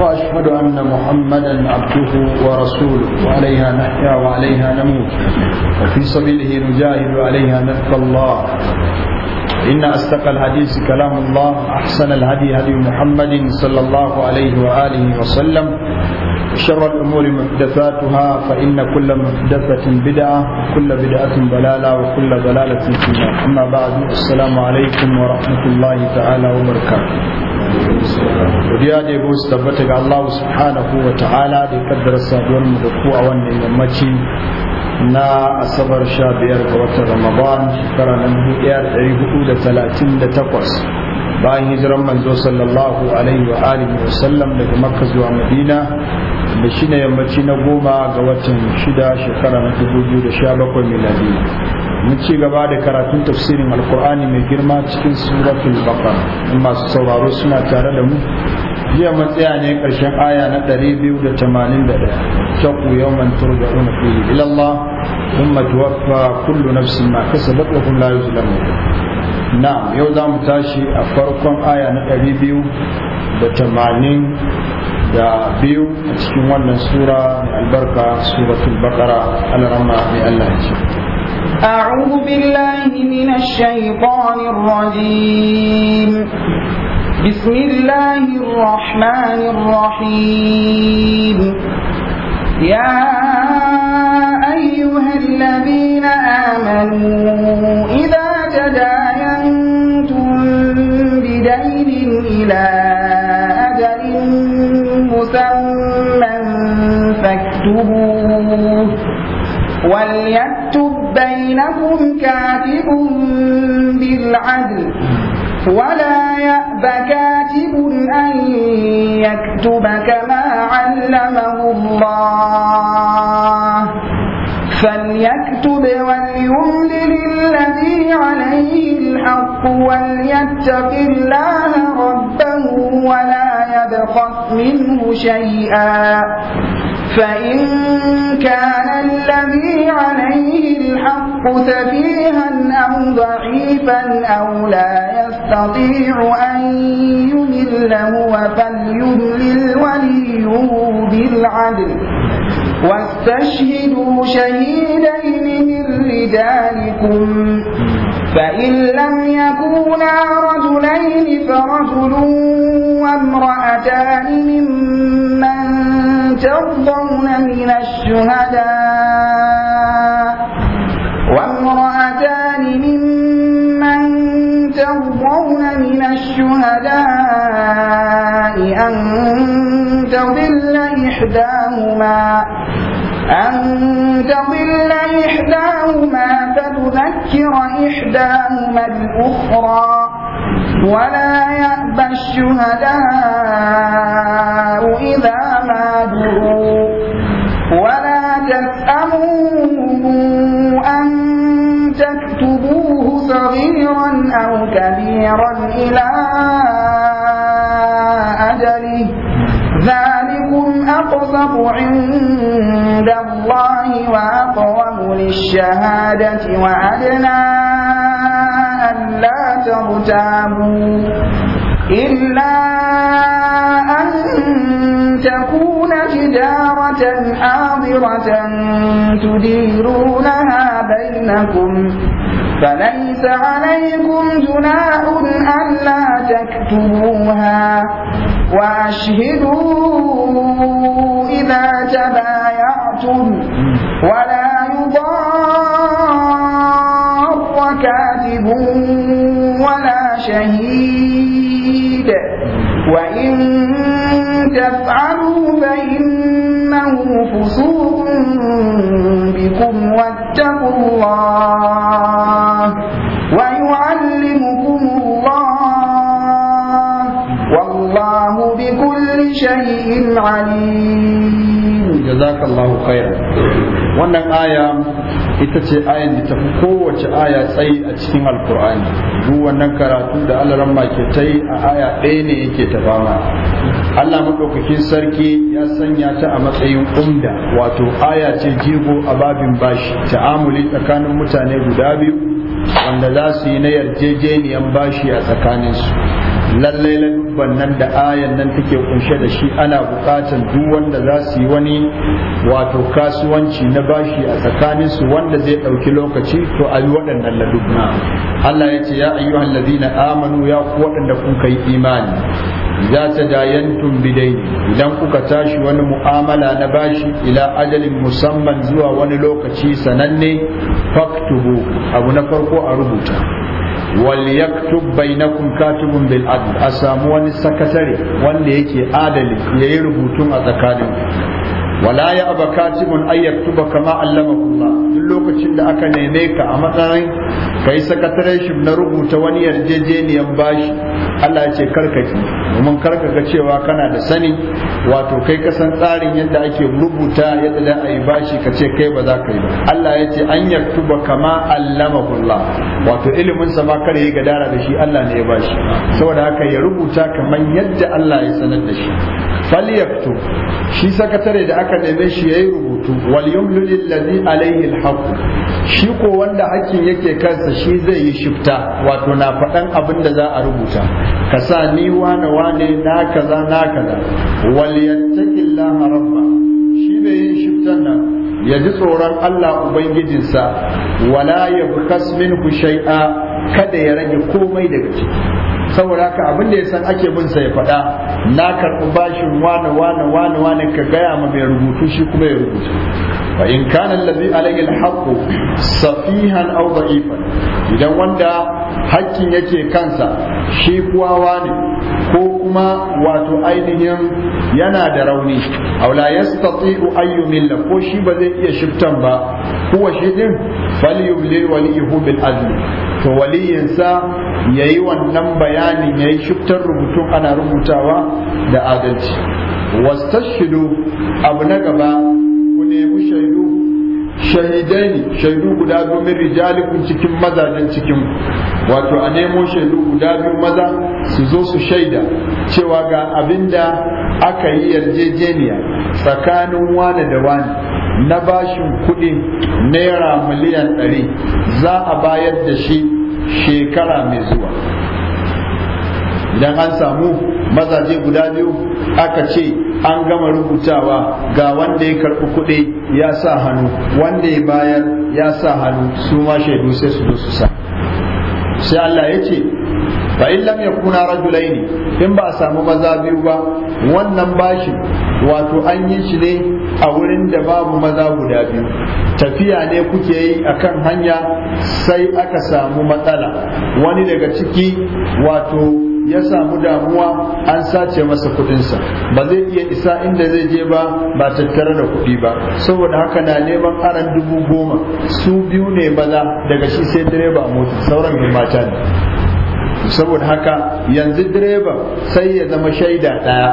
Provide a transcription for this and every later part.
وأشهد أن محمدا عبده ورسوله وعليها نحيا وعليها نموت وفي سبيله نجاهد عليها نفق الله إن أصدق الحديث كلام الله أحسن الهدي هدي محمد صلى الله عليه وآله وسلم شر الأمور محدثاتها فإن كل محدثة بدعة كل بدعة ضلالة وكل ضلالة في النار أما بعد السلام عليكم ورحمة الله تعالى وبركاته godiya da yabo su tabbata ga Allah subhanahu wa ta'ala da ya kaddara saduwar mu da ku a wannan yammaci na asabar sha biyar ga watan ramadan shekara na dubu ɗaya da ɗari hudu da talatin da takwas bayan hijiran manzo sallallahu alaihi wa alihi wa sallam daga makka zuwa madina da shi yammaci na goma ga watan shida shekara na dubu biyu da sha bakwai miladiya mun ci gaba da karatun tafsirin alkur'ani mai girma cikin suratul baqara in masu sauraro suna tare da mu jiya matsaya ne karshen aya na 281 taqu yawman turja'una fihi ila Allah thumma tuwaffa kullu nafsin ma kasabat wa hum la yuzlamun na'am yau za mu tashi a farkon aya na 282 a cikin wannan sura albarka suratul baqara al-rahma mai Allah ya أعوذ بالله من الشيطان الرجيم بسم الله الرحمن الرحيم يا أيها الذين آمنوا إذا تداينتم بدين إلى أجل مسمى فاكتبوه وليكتب بينكم كاتب بالعدل ولا يأب كاتب أن يكتب كما علمه الله فليكتب وليملل الذي عليه الحق وليتق الله ربه ولا يبخس منه شيئا فإن كان الذي عليه الحق سفيها أو ضعيفا أو لا يستطيع أن يمل هو وليه بالعدل واستشهدوا شهيدين من رجالكم فإن لم يكونا رجلين فرجل وامرأتان ممن ترضون من الشهداء وامرأتان ممن ترضون من الشهداء أن تضل إحداهما أن تضل إحداهما فتذكر إحداهما الأخرى ولا يأبى الشهداء إذا بعده ولا تسأموا أن تكتبوه صغيرا أو كبيرا إلى أجله ذلكم أقصف عند الله وأقوم للشهادة وأدنى ألا ترتابوا إلا أن تكون تجارة حاضرة تديرونها بينكم فليس عليكم جناح ألا تكتبوها وأشهدوا إذا تبايعتم ولا يضار كاتب ولا شهيد وإن تفعلوا فإنه فسوق بكم واتقوا الله ويعلمكم الله والله بكل شيء عليم جزاك الله خيرا wannan aya ita ce ayan da ta fi kowace aya tsayi a cikin alkur'ani duk wannan karatu da alaramma ke ta yi a aya ɗaya ne yake ta fama Allah maɗaukakin sarki ya sanya ta a matsayin umda wato aya ce jigo a babin bashi ta'amuli tsakanin mutane guda biyu wanda za su yi na yarjejeniyan bashi a tsakaninsu lallai ladubban nan da ayan nan take kunshe da shi ana bukatan duk wanda za su yi wani wato kasuwanci na bashi a tsakanin su wanda zai ɗauki lokaci to a yi waɗannan ladubba Allah ya ce ya ayyuhan ladina amanu ya ku waɗanda kun kai imani za ta dayantum bidai idan kuka tashi wani mu'amala na bashi ila ajalin musamman zuwa wani lokaci sananne faktubu abu na farko a rubuta wal yaktub bainakum katibun bil adl a samu wani sakatare wanda yake adali ya yi rubutu a tsakanin wala ya aba katibun ay yaktuba kama allamakum duk lokacin da aka neme ka a matsayin kai shi na rubuta wani yarjejeniyan bashi Allah ce karkaki domin karkaka cewa kana da sani wato kai kasan tsarin yadda ake rubuta yadda da a yi bashi ka ce kai ba za ka yi ba Allah ya ce an yaktuba kama allamahullah wato ilimin sa ma kare ya gadara da shi Allah ne ya bashi saboda haka ya rubuta kamar yadda Allah ya sanar da shi yaktu shi sakatare da aka neme shi yayi rubutu wal yumlil ladhi alayhi alhaq shi ko wanda hakkin yake kansa shi zai yi shifta wato na faɗan abin da za a rubuta ka sa ni wane wane na kaza na kaza Allah rabba shi ne yin shiftan nan ya ji tsoron Allah ubangijinsa wala yabkas minhu shay'a kada ya rage komai daga ciki saboda haka abin da ya san ake bin sa ya faɗa na karɓi bashin wane wane wane wane ka gaya ma mai rubutu shi kuma ya rubuta fa in kana allazi alayhi alhaq safihan aw da'ifan idan wanda hakkin yake kansa shi kuwa wani, ko kuma wato ainihin yana da rauni aw la yastati'u ayyu milla ko shi ba zai iya shiftan ba kuwa shi din falyumli waliyuhu bil adl to waliyinsa ya yi wannan bayanin ya yi shubtar rubutun ana rubutawa da adalci wastashidu abu na gaba ku nemi shaidu ne shaidu guda biyu min cikin mazajen cikin wato a nemo shaidu guda biyu maza su zo su shaida cewa ga abinda aka yi yarjejeniya tsakanin wane da wani na bashin kuɗi naira miliyan ɗari za a bayar da shi shekara mai zuwa idan an samu mazaje guda biyu aka ce an gama rubutawa ga wanda ya karɓi kuɗi ya sa hannu wanda ya bayar ya sa hannu su ma shaidu sai su zo sa sai Allah ya ce fa in lam yakuna rajulaini in ba a samu maza biyu ba wannan bashin wato an yi shi ne a wurin da babu maza guda biyu tafiya ne kuke yi akan hanya sai aka samu matsala wani daga ciki wato ya samu damuwa an sace masa kudinsa ba zai iya isa inda zai je ba ba tattare da kudi ba saboda haka na neman aran dubu goma su biyu ne maza daga shi sai direba mota sauran ne mata ne saboda haka yanzu direba sai ya zama shaida ɗaya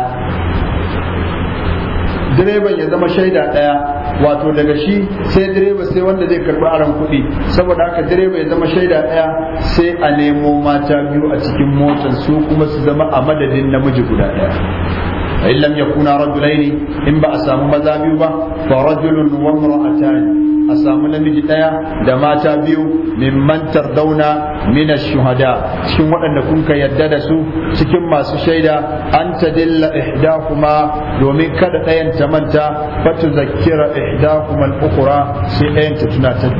direban ya zama shaida ɗaya wato daga shi sai direba sai wanda zai karɓi aron kuɗi saboda haka direba ya zama shaida ɗaya sai a nemo mata biyu a cikin motar su kuma su zama a madadin namiji guda ɗaya in lam yakuna rajulaini in ba a samu maza biyu ba fa rajulun wa a samu namiji ɗaya da mata biyu mimman tardauna min ash-shuhada cikin waɗanda kun ka yadda da su cikin masu shaida an tadilla ihdahuma domin kada ɗayan ta manta fa tuzakkira ihdahuma al-ukhra sai ɗayan ta tunatar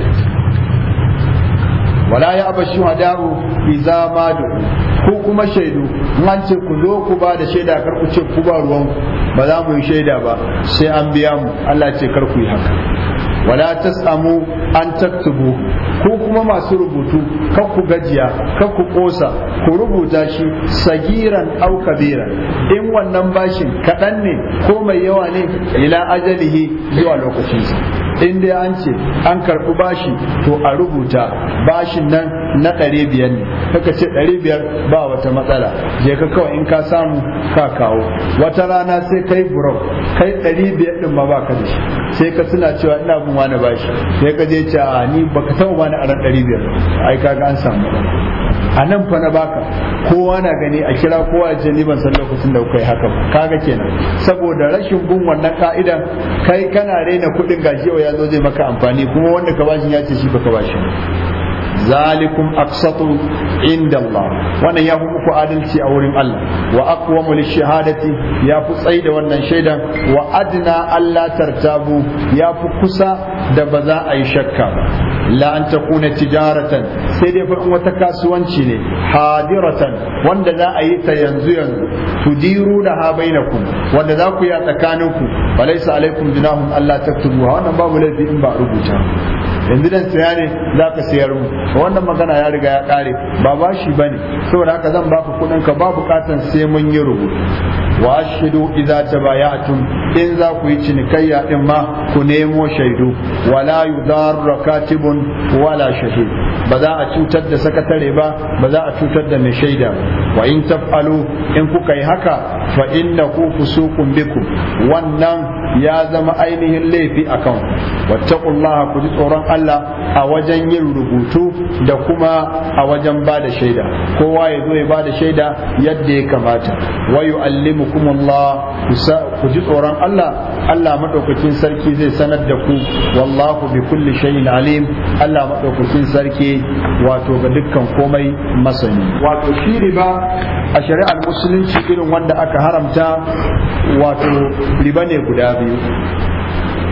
ولا يأبى الشهداء إذا ما دعوا ko kuma shaidu an ce ku zo ku ba da shaida kar ku ce ku ba ruwan ba za mu yi shaida ba sai an biya mu Allah ce kar ku yi haka wala tasamu an taktubu ko kuma masu rubutu kar ku gajiya kar ku kosa ku rubuta shi sagiran au kabira in wannan bashin kaɗan ne ko mai yawa ne ila ajalihi zuwa lokacinsa in dai an ce an karɓi bashi to a rubuta bashin nan na ɗari biyar ne kaka ce ɗari biyar ba wata matsala je ka kawai in ka samu ka kawo wata rana sai kai burau kai ɗari biyar ɗin ma ba ka da shi sai ka suna cewa ina bin wani bashi sai ka je ce a ni baka taɓa wani a ran ɗari biyar ai ga an samu a nan fa na baka kowa na gani a kira kowa ya ce ni ban san lokacin da kai haka ba kaga kenan saboda rashin bin wannan ka'idan kai kana raina kuɗin gashi ya ya zo zai maka amfani kuma wanda ka bashi ya ce shi ka bashi zalikum aqsatu inda Allah wannan ya fi muku adalci a wurin Allah wa aqwamu lishahadati ya fi tsayi da wannan shaidan wa adna Allah tartabu ya fi kusa da ba za a yi shakka ba la an takuna tijaratan sai dai fa wata kasuwanci ne hadiratan wanda za a yi ta yanzu yanzu tudiru da ha bainakum wanda za ku ya tsakaninku falaysa alaikum dinahum Allah taktubu wannan babu laifi in ba rubuta yanzu dan saya ne za ka sayar mu wannan magana ya riga ya kare ba bashi bane saboda haka zan baka kuɗin ka ba bukatan sai mun yi rubutu wa ashhadu idza tabayatum in za ku yi cinikayya din ma ku nemo shaidu wala yudarra katibun wala shahid ba za a cutar da sakatare ba ba za a cutar da mai shaida wa in taf'alu in kuka yi haka fa inna ku fusuqun bikum wannan ya zama ainihin laifi akan wattaqullaha ku ji tsoron Allah a wajen yin rubutu da kuma a wajen ba da shaida kowa ya zo ya ba da shaida yadda ya kamata wa yu'allimukumullah ku ji tsoron Allah Allah madaukakin sarki zai sanar da ku wallahu bi kulli shay'in alim Allah maɗaukakin sarki wato ga dukkan komai masani wato shi riba a shari'ar musulunci irin wanda aka haramta wato riba ne guda biyu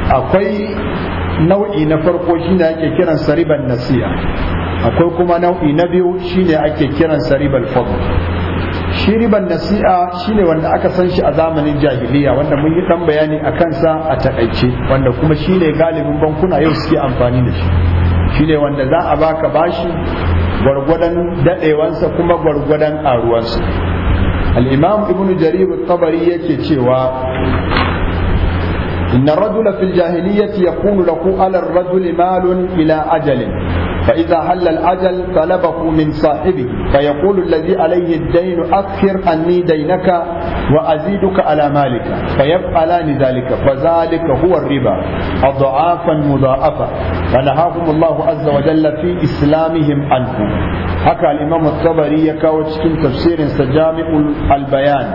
akwai nau'i na farko shi ne ake kiran sariban nasiya akwai kuma nau'i na biyu shi ne ake kiran sariban fadl shi riban nasi'a ne wanda aka san shi a zamanin jahiliya wanda mun yi dan bayani a kansa a takaice wanda kuma shi ne galibin bankuna yau suke amfani da shi shine wanda za a baka bashi gwargwadon daɗewansa kuma gwargwadon ƙaruwansa al-imam ibnu jarir tabari yake cewa inna rajula fil jahiliyyati yakunu lahu ala ar-rajuli malun ila ajalin فإذا حل الأجل طلبه من صاحبه فيقول الذي عليه الدين أكثر عني دينك وأزيدك على مالك فيفعلان ذلك فذلك هو الربا أضعافا مضاعفة فنهاهم الله عز وجل في إسلامهم عنه haka al'imam tabari ya kawo cikin tafsirinsa jami'ul albayan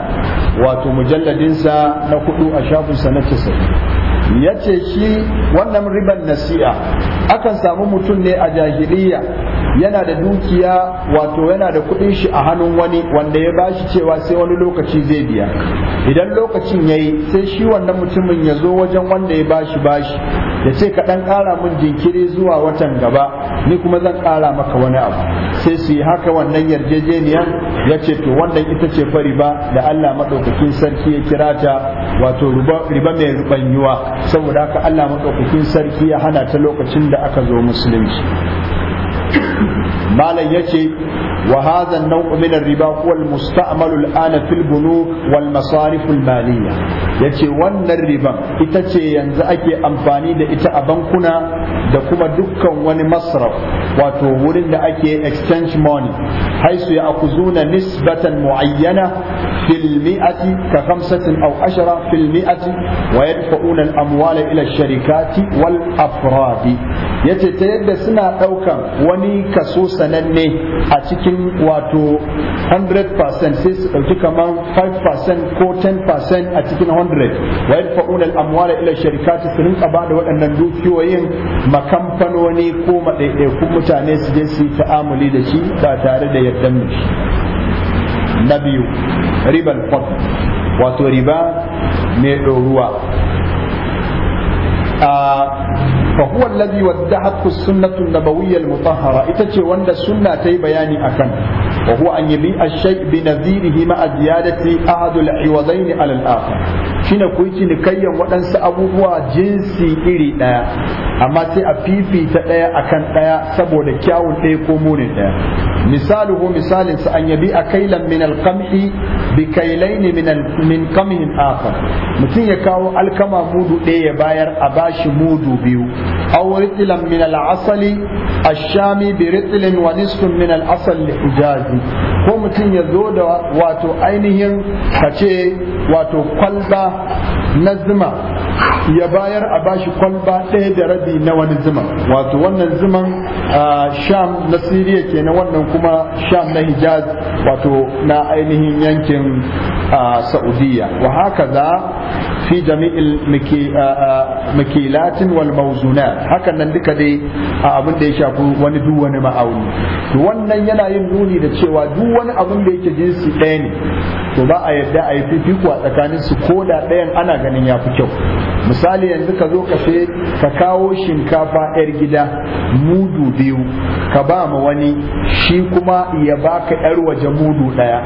wato mujalladinsa na kudu a shafinsa na 90 ya ce shi wannan riban nasi'a akan samu mutum ne a jahiliya yana da dukiya wato yana da kuɗin shi a hannun wani wanda ya bashi cewa sai wani lokaci zai biya idan lokacin yayi sai shi wannan mutumin ya zo wajen wanda ya bashi bashi ya ce ka ɗan ƙara min jinkiri zuwa watan gaba ni kuma zan ƙara maka wani abu sai su yi haka wannan yarjejeniyar ya ce to wannan ita ce fa riba da Allah maɗaukakin sarki ya kira ta wato riba mai rubanyuwa saboda haka Allah maɗaukakin sarki ya hana ta lokacin da aka zo musulunci malam ya ce wa hadha an min ar-riba huwa al-musta'malu al-ana fil bunuk wal masarif al-maliyya yace wannan riba ita ce yanzu ake amfani da ita a bankuna da kuma dukkan wani masraf wato wurin da ake exchange money haisu ya akuzuna nisbatan muayyana fil mi'ati ka khamsatin aw ashara fil mi'ati wa yadfa'una al amwala ila sharikati wal afradi ya ce ta yadda suna ɗaukan wani kaso sananne a cikin wato 100% sai su ɗauki kamar 5% ko 10% a cikin 100 wa yadfa'una al-amwala ila sharikati su rinka ba da waɗannan dukiyoyin makamfanoni ko maɗaiɗaikun mutane su je su yi ta'amuli da shi ba tare da yardan shi. na biyu riban wato riba mai ɗoruwa ah, fa huwa alladhi waddahat sunnatu nabawiyya al-mutahhara ita ce wanda sunna ta yi bayani akan wa anyabi a yabi ash-shay' bi nadhirihi ma ziyadati ahad al-iwadayn ala al-akhar shine ku yi nikayyan waɗansu abubuwa jinsi iri ɗaya amma sai a fifita ɗaya akan ɗaya saboda kyawun ɗaya ko munin ɗaya misaluhu misalin sa an yabi akailan min al bikailaini min qamihin akhar mutum ya kawo alkama mudu ɗaya ya bayar a bashi mudu biyu aw tilan min al-asali ash-shami bi ritlin wa min al-asal ijazi. ko mutum ya zo da wato ainihin kace wato kwalba na zuma ya bayar a bashi kwalba ɗaya da rabi na wani zuman wato wannan zuman sham na siriya na wannan kuma sham na hijaz wato na ainihin yankin saudiya wa haka za fi jami'il makilatin wal mawzunat hakan nan duka dai abin da ya shafi wani duk ma'auni wannan yana yin nuni da cewa duk wani abin da yake jinsi ɗaya ne to ba a yadda a yi fifiko a tsakanin su ko da ɗayan ana ganin ya fi kyau misali yanzu ka zo ka sai ka kawo shinkafa yar gida mudu biyu ka ba ma wani shi kuma ya baka yar waje mudu ɗaya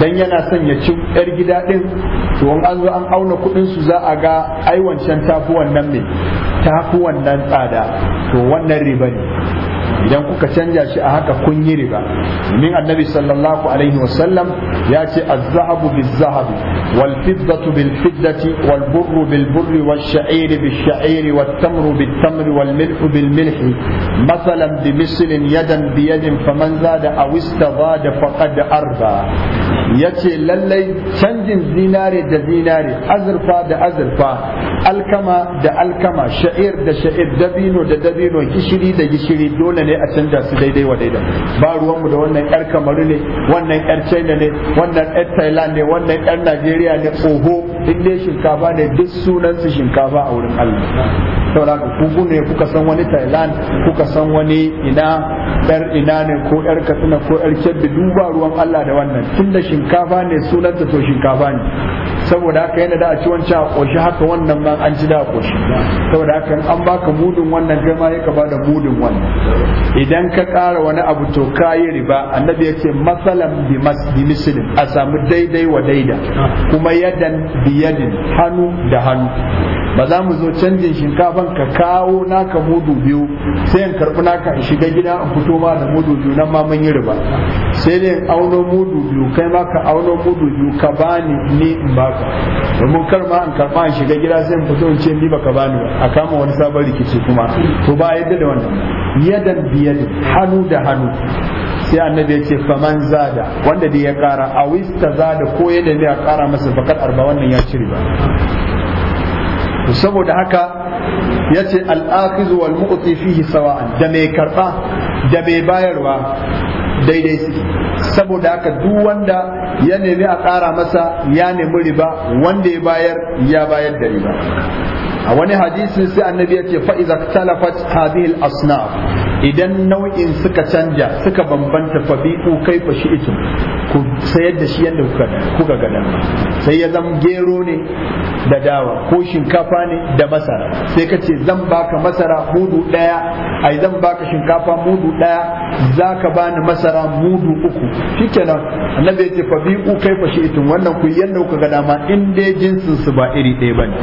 Don yana son ya ci yar gida ɗin to in an zo an auna kuɗin su za a ga ai wancan tafi wannan me tafi tsada to wannan riba ne idan kuka canja shi a haka kun yi riba min annabi sallallahu alaihi wasallam ya ce az-zahabu biz-zahabi wal fiddatu bil fiddati wal burru bil burri wal sha'iri bil sha'iri wat tamru bit tamri wal milhu bil milhi masalan bi mislin yadan bi yadin faman zada aw istada faqad arba ya ce lallai canjin zinare da zinare azurfa da azurfa alkama da alkama sha'ir da sha'ir dabino da dabino gishiri da gishiri dole ne a canja su daidai wa daidai ba ruwanmu da wannan yar kamaru ne wannan yar china ne wannan yar thailand ne wannan yar najeriya ne oho in dai shinkafa ne duk sunansu shinkafa a wurin Allah ku ku ne kuka san wani Thailand kuka san wani ina dar ina ne ko yar Katsina ko yar Kebbi duba ruwan Allah da wannan tunda shinkafa ne sunanta to shinkafa ne saboda haka yana da a ci wancan koshi haka wannan ma an ci da koshi ƙoshi saboda haka an baka mudun wannan kai ma yaka bada mudun wannan idan ka kara wani abu to ka yi riba annabi ya ce masalan bi misilin a sami daidai wa daida kuma yadan bi yadin hannu da hannu ba za mu zo canjin shinkafan ka kawo naka mudu biyu sai in karɓi naka in shiga gida in fito ma da mudu biyu nan ma mun yi riba sai ne in auno mudu biyu kai ma ka auno mudu biyu ka bani ni in ba domin karba ma an karɓa an shiga gida sai in fito in ce ni baka bani a kama wani sabon rikici kuma to ba yadda da wannan yadan biyar hannu da hannu sai annabi ya ce faman zada wanda dai ya kara a wista zada ko yadda ya kara masa fakat arba wannan ya ci riba saboda haka ya ce al'akizu wal mu'ti fihi sawa'an da mai karɓa da mai bayarwa daidai suke saboda haka duk wanda ya nemi a ƙara masa ya nemi riba wanda ya bayar ya bayar da riba a wani hadisi sai annabi ya ce fa'iza talafat hadhihi al-asnaf idan nau'in suka canja suka bambanta fabi'u kai fa itum, ku sayar da shi yadda kuka kuka ga sai ya zama gero ne da dawa ko shinkafa ne da masara sai kace zan baka masara mudu daya ai zan baka shinkafa mudu daya zaka bani masara mudu uku shikenan annabi ya ce fabi'u kai fa itum. wannan ku yadda kuka ga dama in dai jinsin su ba iri ɗaya bane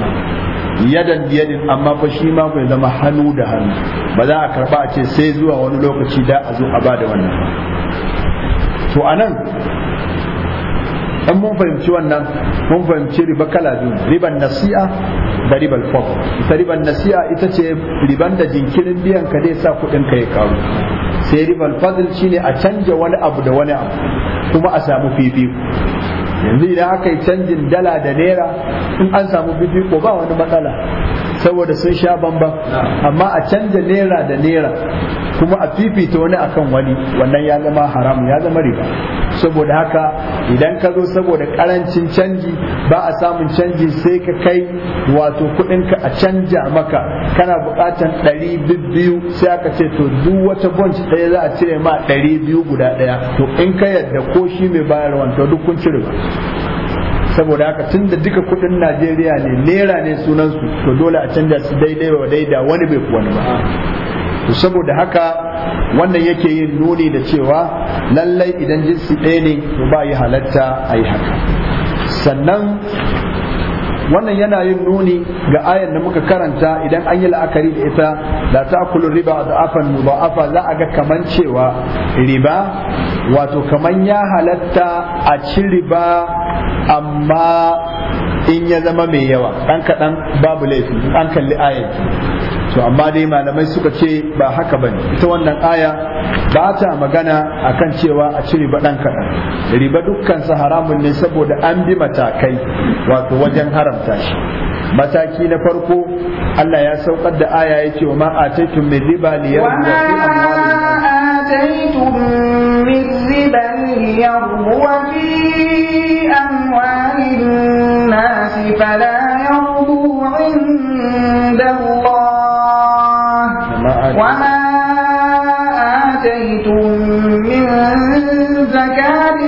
yadan yadin amma fa shi ma bai zama hannu da hannu ba za a karba a ce sai zuwa wani lokaci da a zo a ba da wannan to anan in mun fahimci wannan mun fahimci riba kala biyu riban nasi'a da riban fof ita riban nasi'a ita ce riban da jinkirin biyan ka dai sa kuɗin ka ya karu sai riban fadl shine a canja wani abu da wani abu kuma a samu fifiko yanzu idan aka yi canjin dala da naira in an samu fifiko ba wani matsala saboda sun sha bamba amma a canja naira da naira kuma a fifita wani akan wani wannan ya zama haram ya zama riba saboda haka idan ka zo saboda karancin canji ba a samun canji sai ka kai wato ka a canja maka kana bukatan ɗari sai aka ce to duk wata bunch ɗaya za a cire ma ɗari biyu guda ɗaya to in ka yadda ko shi mai bayarwa to duk kun cire saboda haka tun da duka kudin najeriya ne naira ne sunansu to dole a canja su daidai wa daida wani bai wani ba To saboda haka wannan yake yin nuni da cewa lallai idan jinsi ɗaya ne to ba yi halatta a yi haka sannan wannan yana yin nuni ga ayar da muka karanta idan an yi la'akari da ita da ta kula riba da afan Afa za a ga kaman cewa riba wato kaman ya halatta a ci riba amma in ya zama mai yawa dan kaɗan babu laifi an kalli ayar to amma dai malamai suka ce ba haka bane ita wannan aya ba ta magana akan cewa a cire baɗan kaɗan riba dukkan sa haramun ne saboda an bi matakai wato wajen haramta shi mataki na farko Allah ya saukar da aya ya ce wa ma ataitum mai riba liyarbu fi amwalihim wa ma وما آتيتم من زكاة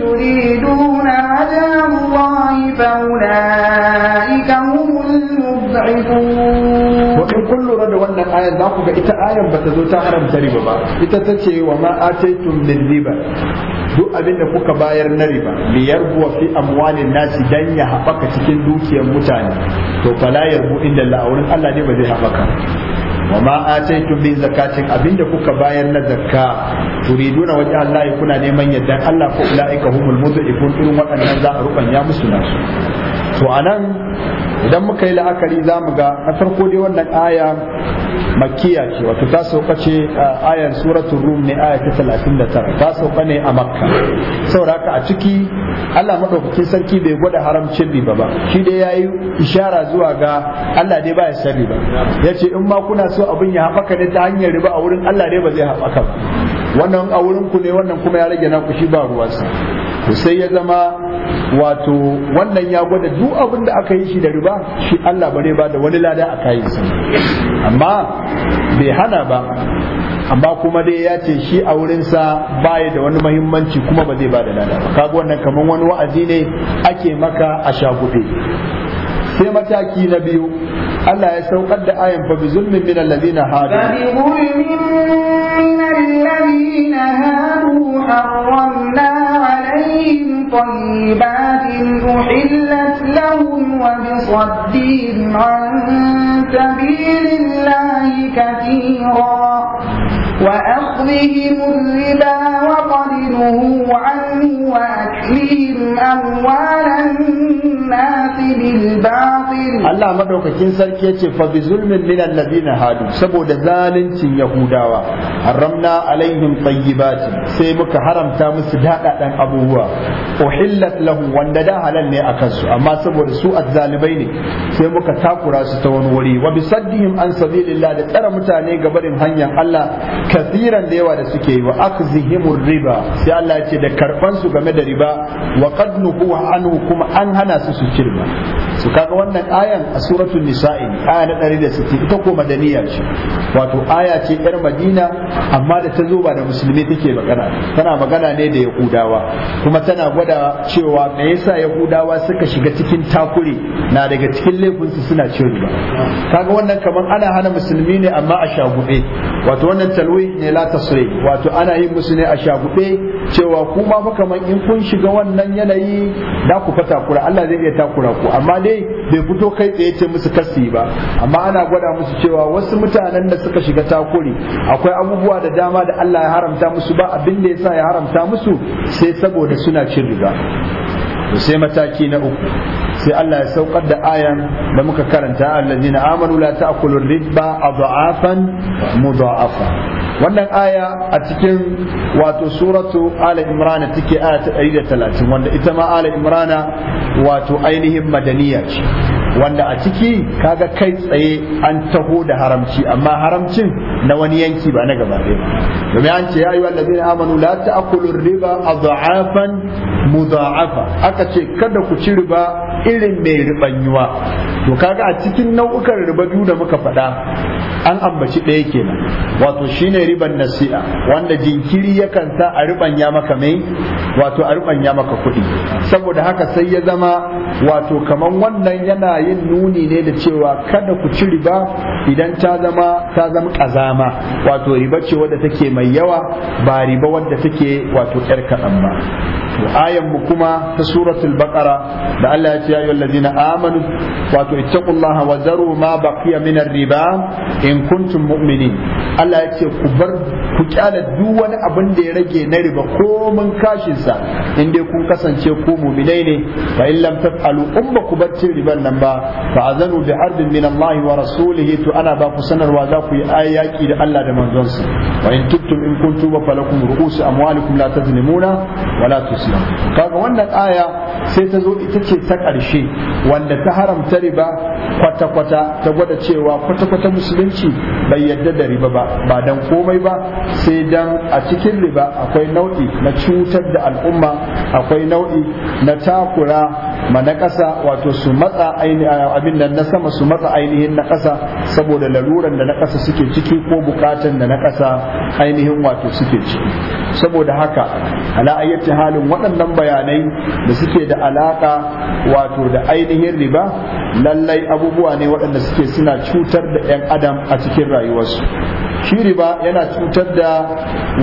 تريدون وجه الله فأولئك هم المضعفون وإن كل رد wannan ayar za ku ga ita ayar ba ta zo ta haramta riba ba ita ta ce wa ma ataitum min riba duk abin da kuka bayar na riba li yarbuwa fi amwalin nasi dan ya haɓaka cikin dukiyar mutane to fala yarbu inda Allah wurin Allah ne ba zai haɓaka wa ma ataytum min zakatin abinda kuka bayar na zakka turiduna wajha Allah kuna neman yaddan Allah ko ulaika humul mudhifun irin waɗannan za a rubanya musu nasu to anan idan muka yi la'akari za mu ga a farko dai wannan aya makiya ce wato ta sauka ce ayan suratul rum ne aya ta tara ta sauka ne a makka da haka a ciki Allah madaukakin sarki bai gwada haramcin riba ba shi dai yayi ishara zuwa ga Allah dai ba ya san riba yace in ma kuna so abin ya haɓaka ne ta hanyar riba a wurin Allah dai ba zai haɓaka ba wannan a wurin ku ne wannan kuma ya rage naku shi ba ruwansa sai ya zama wato wannan ya gwada duk abin da aka yi shi da riba ba shi Allah bare ba da wani lada a kayan sa amma bai hana ba amma kuma dai ya ce shi a wurinsa baya da wani mahimmanci kuma ba zai ba da lada ba kaga wannan kamar wani wa'azi ne ake maka a shagube sai mataki na biyu Allah ya saukar da ayan fa bi zulmin min alladhina hadu bi zulmin min alladhina hadu harramna alaihim اليوم وبصدهم عن سبيل الله كثيرا وأخذهم الربا وقد عنه وأكلهم أموال الناس Allah بالباطل الله مدوكاكين سركي يتي فبظلم من الذين هادوا سبو ذالنتين يهوداوا حرمنا عليهم طيبات sai muka haramta musu daɗaɗan abubuwa uhillat lahum wanda da halal ne a kansu amma saboda su a azzalibai ne sai muka takura su ta wani wuri wa bisaddihim an sabilillah da tsara mutane ga barin hanyar Allah kasiran da yawa da suke yi wa akzihimur riba sai Allah ce da karban game da riba wa nuhu anhu kuma an hana su su kirma. su kaga wannan ayan a suratul nisa'i aya na 160 ita ko madaniya ce wato aya ce yar madina amma da ta zo ba da musulmi take magana tana magana ne da yahudawa kuma tana gwada cewa me yasa yahudawa suka shiga cikin takure na daga cikin laifin su suna cin riba kaga wannan kamar ana hana musulmi ne amma a shagube wato wannan talwi ne la tasri wato ana yin musu a shagube cewa kuma fa kamar in kun shiga wannan yanayi da ku fata kura Allah zai iya takura ku amma dai bai fito kai tsaye ce musu kasi ba amma ana gwada musu cewa wasu mutanen da suka shiga takuri akwai abubuwa da dama da Allah ya haramta musu ba abin da yasa ya haramta musu sai saboda suna cin riba sai mataki na uku sai Allah ya saukar da ayan da muka karanta allazina amanu la ta'kulu riba adhafan mudha'afa wannan aya a cikin wato suratu ala imrana take aya ta 130 wanda ita ma ala imrana wato ainihin madaniya ce wanda a ciki kaga kai tsaye an taho da haramci amma haramcin na wani yanki ba na gaba ɗaya domin an ce ya yi amanu la ta'kulu riba adha'afan mudha'afa aka ce kada ku ci riba irin mai ribanyuwa to kaga a cikin nau'ukan riba biyu da muka faɗa an ambaci ɗaya kenan wato shine riban nasi'a wanda jinkiri yakan sa a ribanya maka mai wato a ribanya maka kuɗi saboda haka sai ya zama wato kaman wannan yana yin nuni ne da cewa kada ku ci riba idan ta zama ta zama kazama wato riba ce wadda take mai yawa ba riba wadda take wato yar kaɗan ba to ayan mu kuma ta suratul baqara da Allah ya ce ayyuhal ladina amanu wato ittaqullaha wa zaru ma baqiya min riba in kuntum mu'minin Allah ya ce ku bar ku kyala duk wani abin da ya rage na riba ko mun kashin sa in dai kun kasance ku mu'minai ne fa in lam taf'alu ku bar cin riban nan ba fa azanu bi ardin min Allah wa rasulihi to ana ba ku sanarwa za ku yi ayyaki da Allah da manzonsa wa in tuttum in kuntum falakum ru'us amwalikum la tazlimuna wa la tusrifu kaga wannan aya sai ta zo ita ce ta karshe wanda ta haramta riba kwata-kwata ta gwada cewa kwata-kwata musulunci bai yadda da riba ba ba dan komai ba sai dan a cikin riba akwai nau'i na cutar da al'umma akwai nau'i na takura na ƙasa wato su matsa abin da na sama su matsa ainihin na ƙasa saboda laruran da na ƙasa suke ciki ko bukatan da na ƙasa ainihin wato suke ciki saboda haka ala ayyati halin waɗannan bayanai da suke da alaƙa wato da ainihin riba lallai abubuwa ne waɗanda suke suna cutar da 'yan adam a cikin rayuwarsu shi riba yana cutar da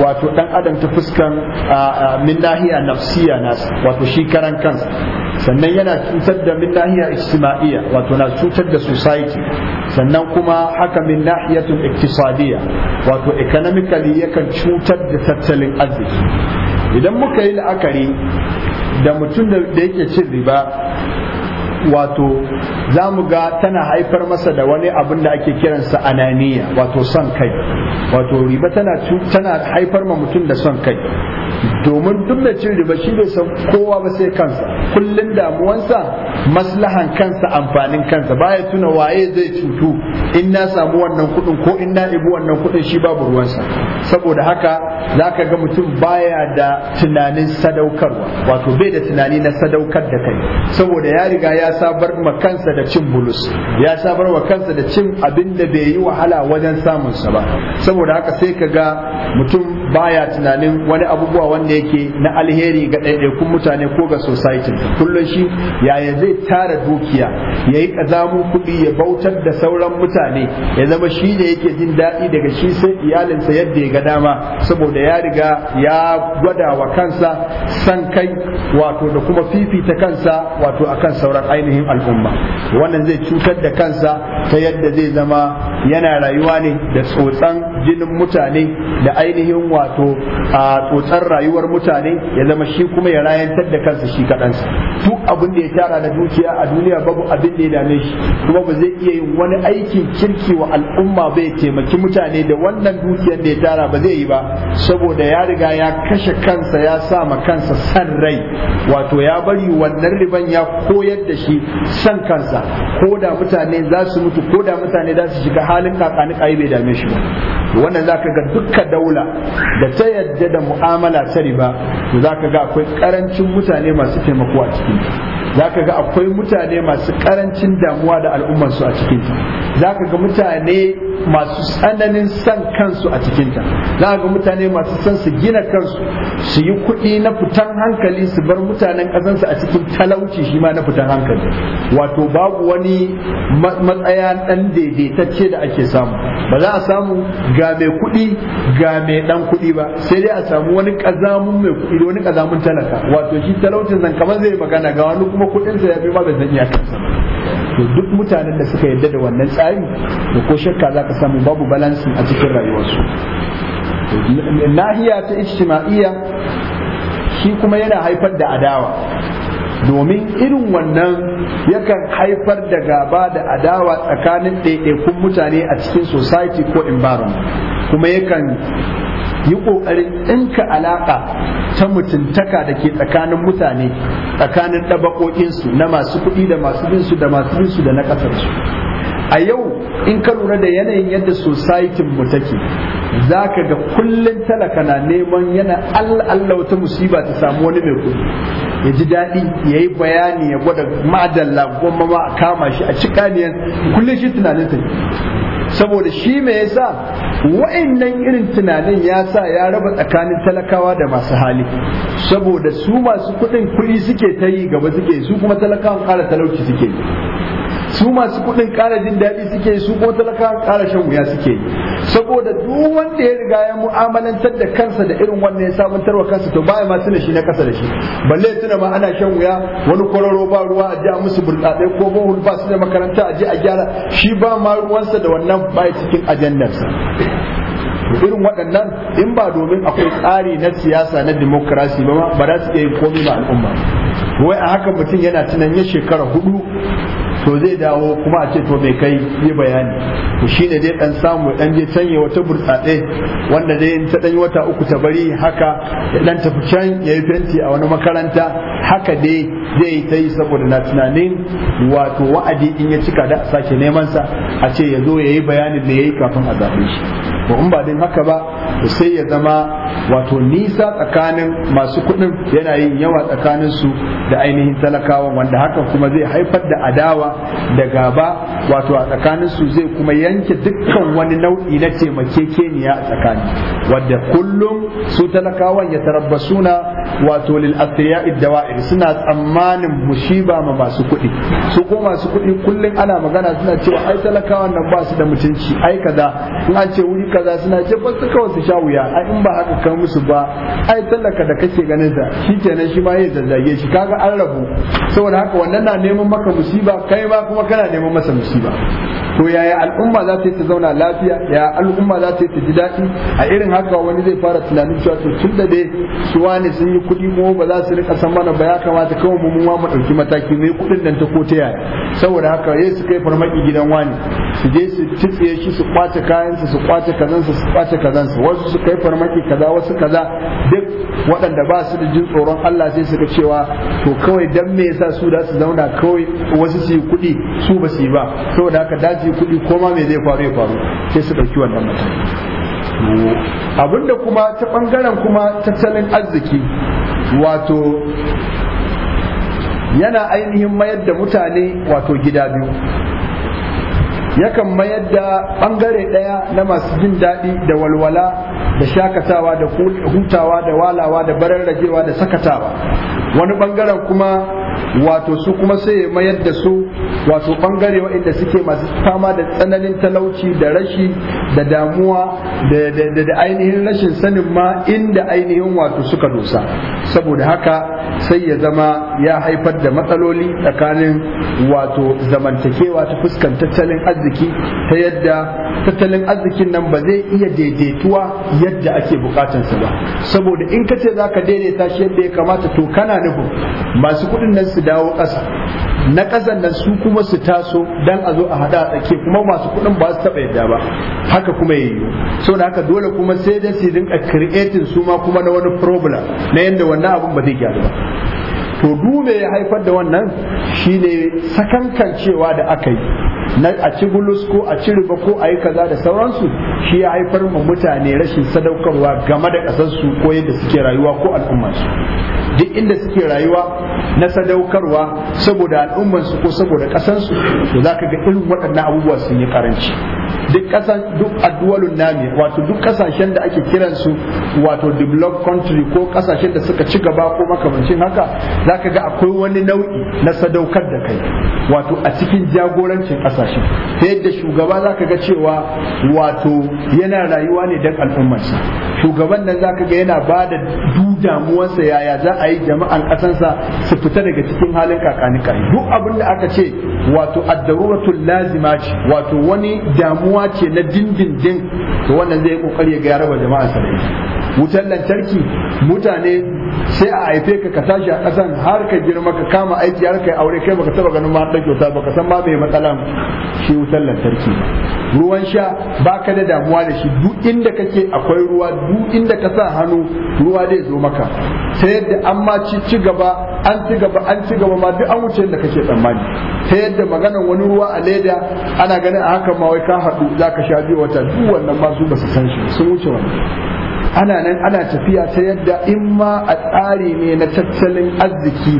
wato ɗan adam ta fuskan min nahiya nafsiya nasu wato shi karan kansa sannan yana cutar da min nahiya ijtima'iyya wato na cutar da society sannan kuma haka min nahiyatul iktisadiyya wato economically yakan cutar da tattalin arziki idan muka yi la'akari da mutum da yake cin riba wato za mu ga tana haifar masa da wani abin da ake kiransa ananiya wato son kai wato riba tana haifar ma mutum da son kai domin duk da cin riba shi bai san kowa ba sai kansa kullun damuwansa maslahan kansa amfanin kansa baya tuna waye zai cutu in na samu wannan kudin ko in na ibi wannan kudin shi babu ruwansa saboda haka zaka ga mutum baya da tunanin sadaukarwa wato bai da tunani na sadaukar da kai saboda ya riga ya sabar ma kansa da cin bulus ya sabar wa kansa da cin abin da bai yi wahala wajen samunsa ba saboda haka sai ka ga mutum baya tunanin wani abubuwa wanda yake na alheri ga ɗaiɗaikun mutane ko ga society kullum shi yaya zai tara dukiya ya yi ƙazamun kuɗi ya bautar da sauran mutane ya zama shi ne yake jin daɗi daga shi sai iyalinsa yadda ya ga dama saboda ya riga ya gwada wa kansa san kai wato da kuma fifita kansa wato akan sauran ainihin al'umma wannan zai cutar da kansa ta yadda zai zama yana rayuwa ne da tsotsan jinin mutane da ainihin wato a tsotsar rayuwar mutane ya zama shi kuma ya rayantar da kansa shi kaɗansa duk abin da ya tara da dukiya a duniya babu abin da ya dame shi kuma ba zai iya yin wani aikin kirki wa al'umma ba ya taimaki mutane da wannan dukiyar da ya tara ba zai yi ba saboda ya riga ya kashe kansa ya sa ma kansa san rai wato ya bari wannan riban ya koyar da shi san kansa ko da mutane za su mutu ko da mutane za su shiga halin kakani kayi bai dame shi ba wannan za ka ga dukkan daula da ta yadda da mu'amala ta riba ka ga akwai karancin mutane masu taimako a cikin za ka ga akwai mutane masu karancin damuwa da al'ummarsu a cikinta za ka ga mutane masu tsananin san kansu a cikinta za ka ga mutane masu san su gina kansu su yi kuɗi na fitan hankali su bar mutanen ƙasansu a cikin talauci shi ma na fitan hankali wato babu wani matsaya ɗan daidaitacce da ake samu ba za a samu ga mai kuɗi ga mai ɗan kuɗi ba sai dai a samu wani kazamun mai kuɗi wani kazamun talaka wato shi talaucin nan kamar zai magana ga wani kuma kuɗinsa ya bi iya kansa to duk mutanen da suka yarda da wannan tsari to ko shakka za ka samu babu balansin a cikin rayuwarsu nahiya ta ijtima'iyya shi kuma yana haifar da adawa domin irin wannan yakan haifar da gaba da adawa tsakanin ɗaiɗaikun mutane a cikin society ko environment kuma yakan yi ƙoƙarin ɗinka alaƙa ta mutuntaka da ke tsakanin mutane tsakanin ɗabaƙoƙinsu na masu kuɗi da masu binsu da masu binsu da na ƙasarsu a yau in ka lura da yanayin yadda society mu take za ka ga kullum talaka na neman yana allah wata musiba ta samu wani mai kuɗi ya ji daɗi ya yi bayani ya gwada ma'adalla goma ma a kama shi a cikaniyan kullum shi tunanin ta saboda shi me yasa wa'annan irin tunanin ya sa ya raba tsakanin talakawa da masu hali saboda su masu kuɗin kuɗi suke ta yi gaba suke su kuma talakawan ƙara talauci suke su masu kuɗin ƙara jin daɗi suke su ko talaka ƙara shan wuya suke saboda duk wanda ya riga ya mu'amalantar da kansa da irin wannan ya samu wa kansa to baya ma tuna shi na kasa da shi balle tuna ma ana shan wuya wani kwararo ba ruwa a ji a musu burɗaɗe ko bohol ba su da makaranta a ji a gyara shi ba ma ruwansa da wannan baya cikin ajandarsa irin waɗannan in ba domin akwai tsari na siyasa na demokrasi ba ba za su iya yin komai ba al'umma wai a haka mutum yana tunan ya shekara hudu to zai dawo kuma a ce to bai kai yi bayani to ne dai dan samu dan je canye wata burtsatse wanda dai ta dan wata uku ta bari haka ya dan tafi can ya yi fenti a wani makaranta haka dai zai yi ta yi saboda na tunanin wato wa'adi in ya cika da a sake neman sa a ce ya zo ya yi bayanin da ya yi kafin a zaɓe shi to in ba din haka ba sai ya zama wato nisa tsakanin masu kuɗin yana yin yawa tsakanin su da ainihin talakawan wanda hakan kuma zai haifar da adawa da gaba wato a tsakanin su zai kuma yanke dukkan wani nau'i na taimakekeniya a tsakani wadda kullum su talakawan ya tarabbasuna wato lil asriya'i dawa'ir suna tsammanin mushiba ma masu kuɗi su ko masu kuɗi kullum ana magana suna cewa ai talakawan nan ba su da mutunci ai kaza in an ce wuri kaza suna ce ba su kawai su sha wuya a in ba haka kan musu ba ai tallaka da kake ganin sa shikenan shi ma ya zazzage shi kaga an rabu saboda haka wannan na neman maka musiba kai ma kuma kana neman masa musiba to yaya al'umma za ta yi ta zauna lafiya ya al'umma za ta yi ta ji daɗi a irin haka wani zai fara tunanin cewa to tun da dai su wane sun yi kuɗi mu ba za su rika san mana ba ya kamata kawai mu ma mu ɗauki mataki mai kuɗin nan ta ko ta yaya saboda haka yayi su kai farmaki gidan wani su je su titsiye shi su kwace kayansa su kwace kazansu su kwace kazansu wasu su kai farmaki kaza wasu kaza duk waɗanda ba su da jin tsoron Allah sai suka cewa to kawai dan me yasa su da su zauna kawai wasu su yi kuɗi su ba su yi ba saboda haka da su yi kuɗi ko ma me zai faru ya faru sai su ɗauki wannan mataki abinda kuma ta ɓangaren kuma tattalin arziki wato yana ainihin mayar da mutane wato gida biyu yakan mayar da ɓangare ɗaya na masu jin daɗi da walwala da shakatawa da hutawa da walawa da bararrajewa da sakatawa wani ɓangaren kuma wato su kuma sai ya mayar da su wato bangare waɗanda suke masu fama da tsananin talauci da rashi da damuwa da ainihin rashin sanin ma inda ainihin wato suka dosa saboda haka sai ya zama ya haifar da matsaloli tsakanin wato zamantakewa ta fuskan tattalin arziki ta yadda tattalin arzikin nan ba zai iya daidaituwa yadda ake bukatansa ba saboda in ka ce za ka daidaita shi yadda ya kamata to kana nufin masu kuɗin nan su su dawo ƙasa na ƙasan nan su kuma su taso dan a zo a hada a tsake kuma masu kuɗin ba su taɓa yadda ba haka kuma ya yi so da haka dole kuma sai dai su dinka creating su ma kuma na wani problem na yadda wannan abun ba zai gyaru ba to dume ya haifar da wannan shine sakankancewa da aka yi na a ci gulus ko a ci riba ko a yi kaza da sauransu shi ya haifar ma mutane rashin sadaukarwa game da ƙasarsu ko yadda suke rayuwa ko al'ummarsu duk inda suke rayuwa na sadaukarwa saboda al'ummarsu ko saboda ƙasarsu to za ka ga irin waɗannan abubuwa sun yi karanci duk kasan duk addu'alun nami wato duk kasashen da ake kiran su wato developed country ko kasashen da suka ci gaba ko makamancin haka zaka ga akwai wani nau'i na sadaukar da kai wato a cikin jagorancin kasashen ta yadda shugaba zaka ga cewa wato yana rayuwa ne don sa shugaban nan zaka ga yana ba da damuwarsa yaya za a yi jama'an ƙasarsa su fita daga cikin halin kakani duk abin da aka ce wato addaruratul lazima ce wato wani damuwa ce na dindindin to wannan zai kokari ya ga ba raba jama'a sa wutar lantarki mutane sai a haife ka ka tashi a ƙasan har ka girma ka kama aiki har ka aure kai baka taba ganin ma ɗan kyauta baka san ma mai matsala shi wutar lantarki ruwan sha baka da damuwa da shi duk inda kake akwai ruwa duk inda ka sa hannu ruwa zai zo maka sai yadda an ma ci gaba an ci gaba an ci gaba ma duk an wuce yadda kake tsammani ta yadda maganar wani ruwa a leda ana ganin a hakan ma wai ka haɗu za ka sha biyu wata duk wannan ma su ba su san shi sun wuce wannan ana nan ana tafiya ta yadda in ma a tsari ne na tattalin arziki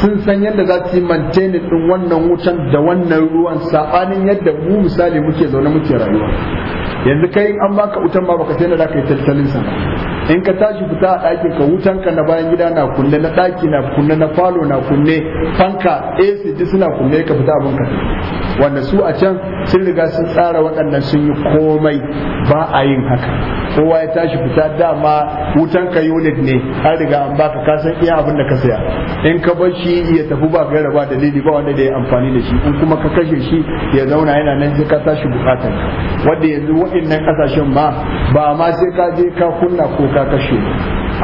sun san yadda za su yi maintaining din wannan wutan da wannan ruwan sabanin yadda mu misali muke zaune muke rayuwa yanzu kai an baka wutan ba baka sai da ka yi tattalin sa in ka tashi fita a ɗakin ka wutan ka na bayan gida na kunne na ɗaki na kunne na falo na kunne fanka AC ji suna kunne ka fita abin ka wanda su a can sun riga sun tsara waɗannan sun yi komai ba a yin haka kowa ya tashi fita dama wutan ka unit ne an riga an baka ka san iya abin da ka saya in ka bar shi ya tafi ba ka raba dalili ba wanda da ya amfani da shi in kuma ka kashe shi ya zauna yana nan sai ka tashi bukatar wanda yanzu waɗannan kasashen ma ba ma sai ka je ka kunna ko ka kashe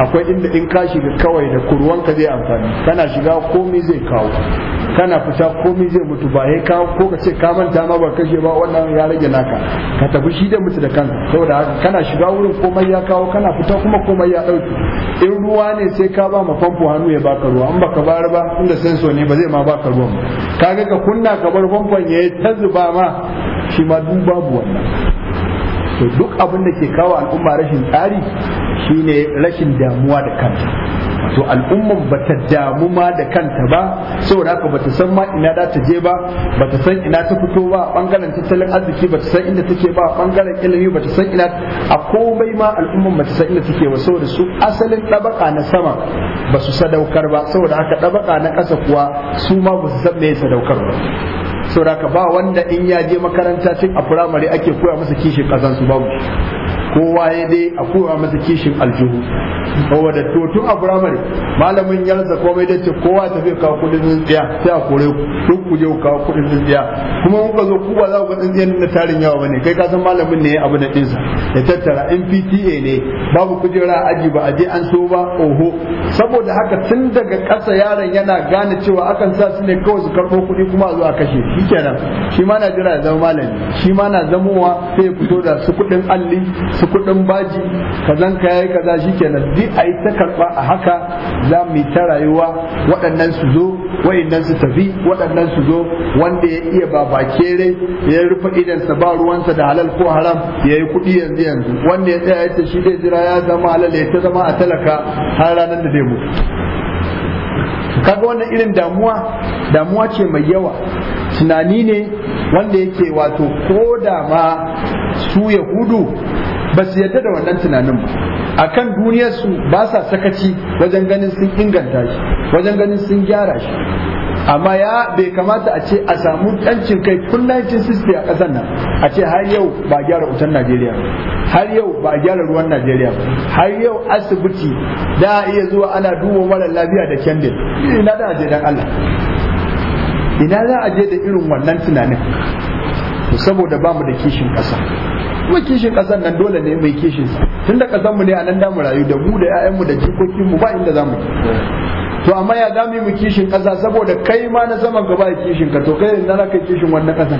akwai inda in ka shiga kawai da kurwanka zai amfani kana shiga komai zai kawo kana fita komai zai mutu ba ya kawo ko ka ce ka manta ma ba kashe ba wannan ya rage naka ka tafi shi da mutu da kanka saboda kana shiga wurin komai ya kawo kana fita kuma komai ya dauke in ruwa ne sai ka ba ma famfo hannu ya baka ruwa an baka bar ba inda sensor ne ba zai ma baka ruwan ba kaga ka kunna ka bar famfon ya yi ta zuba ma shi ma duk babu wannan to duk abin da ke kawo al'umma rashin tsari shine rashin damuwa da kanta to ba bata damu ma da kanta ba saboda haka ta san ma ina da ta je ba ba ta san ina ta fito ba bangaren tattalin arziki ba ta san inda take ba bangaren ilimi ba ta san ina a komai ma al'umman ta san inda take ba saboda su asalin dabaka na sama ba su sadaukar ba saboda haka dabaka na ƙasa kuwa su ma ba su san me sadaukar ba saboda haka ba wanda in ya je makaranta cikin a firamare ake koya masa kishin ƙasansu babu kowa ya dai a kowa masa kishin aljihu saboda to tun a firamare malamin ya rasa komai da ce kowa ta fi kawo kudin tsintsiya sai a kore duk ku ku kawo kudin tsintsiya kuma ka zo ku ba za ku ga na tarin yawa bane kai ka san malamin ne abu na dinsa da tattara NPTA ne babu kujera aji ba a je an so ba oho saboda haka tun daga ƙasa yaron yana gane cewa akan sa su ne kawai su karɓo kuɗi kuma a zo a kashe kenan shi ma na jira ya zama malami shi ma na zamowa sai ya fito da su kuɗin alli su kuɗin baji kazan ka yayi kaza shikenan duk ai ta karba a haka za mu ta rayuwa waɗannan su zo waɗannan su tafi waɗannan su zo wanda ya iya babakere ya rufe sa ba ruwansa da halal ko haram ya yi kuɗi yanzu yanzu wanda ya tsaya ta shi dai jira ya zama halal ya ta zama a talaka har ranar da zai mutu kaga wannan irin damuwa damuwa ce mai yawa tunani ne wanda yake wato ko da ma su yahudu ba su yadda da wannan tunanin ba a kan duniyarsu ba sa sakaci wajen ganin sun inganta shi wajen ganin sun gyara shi amma ya bai kamata a ce a samu ɗancin kai kullancin siste a ƙasar nan a ce har yau ba a gyara wutan Najeriya har yau ba a gyara ruwan Najeriya har yau asibiti da a iya zuwa ana duba mara lafiya da kendir ina da aje dan Allah ina za a je da irin wannan tunanin saboda ba mu da kishin ƙasa kuma kishin ƙasar nan dole ne mai kishin su da ƙasar mu ne a nan da mu rayu da mu da ƴaƴanmu da jikokin mu ba inda zamu to amma ya zamu mu kishin kasa saboda kai ma na saman gaba ya kishin ka to kai na kai kishin wannan ƙasar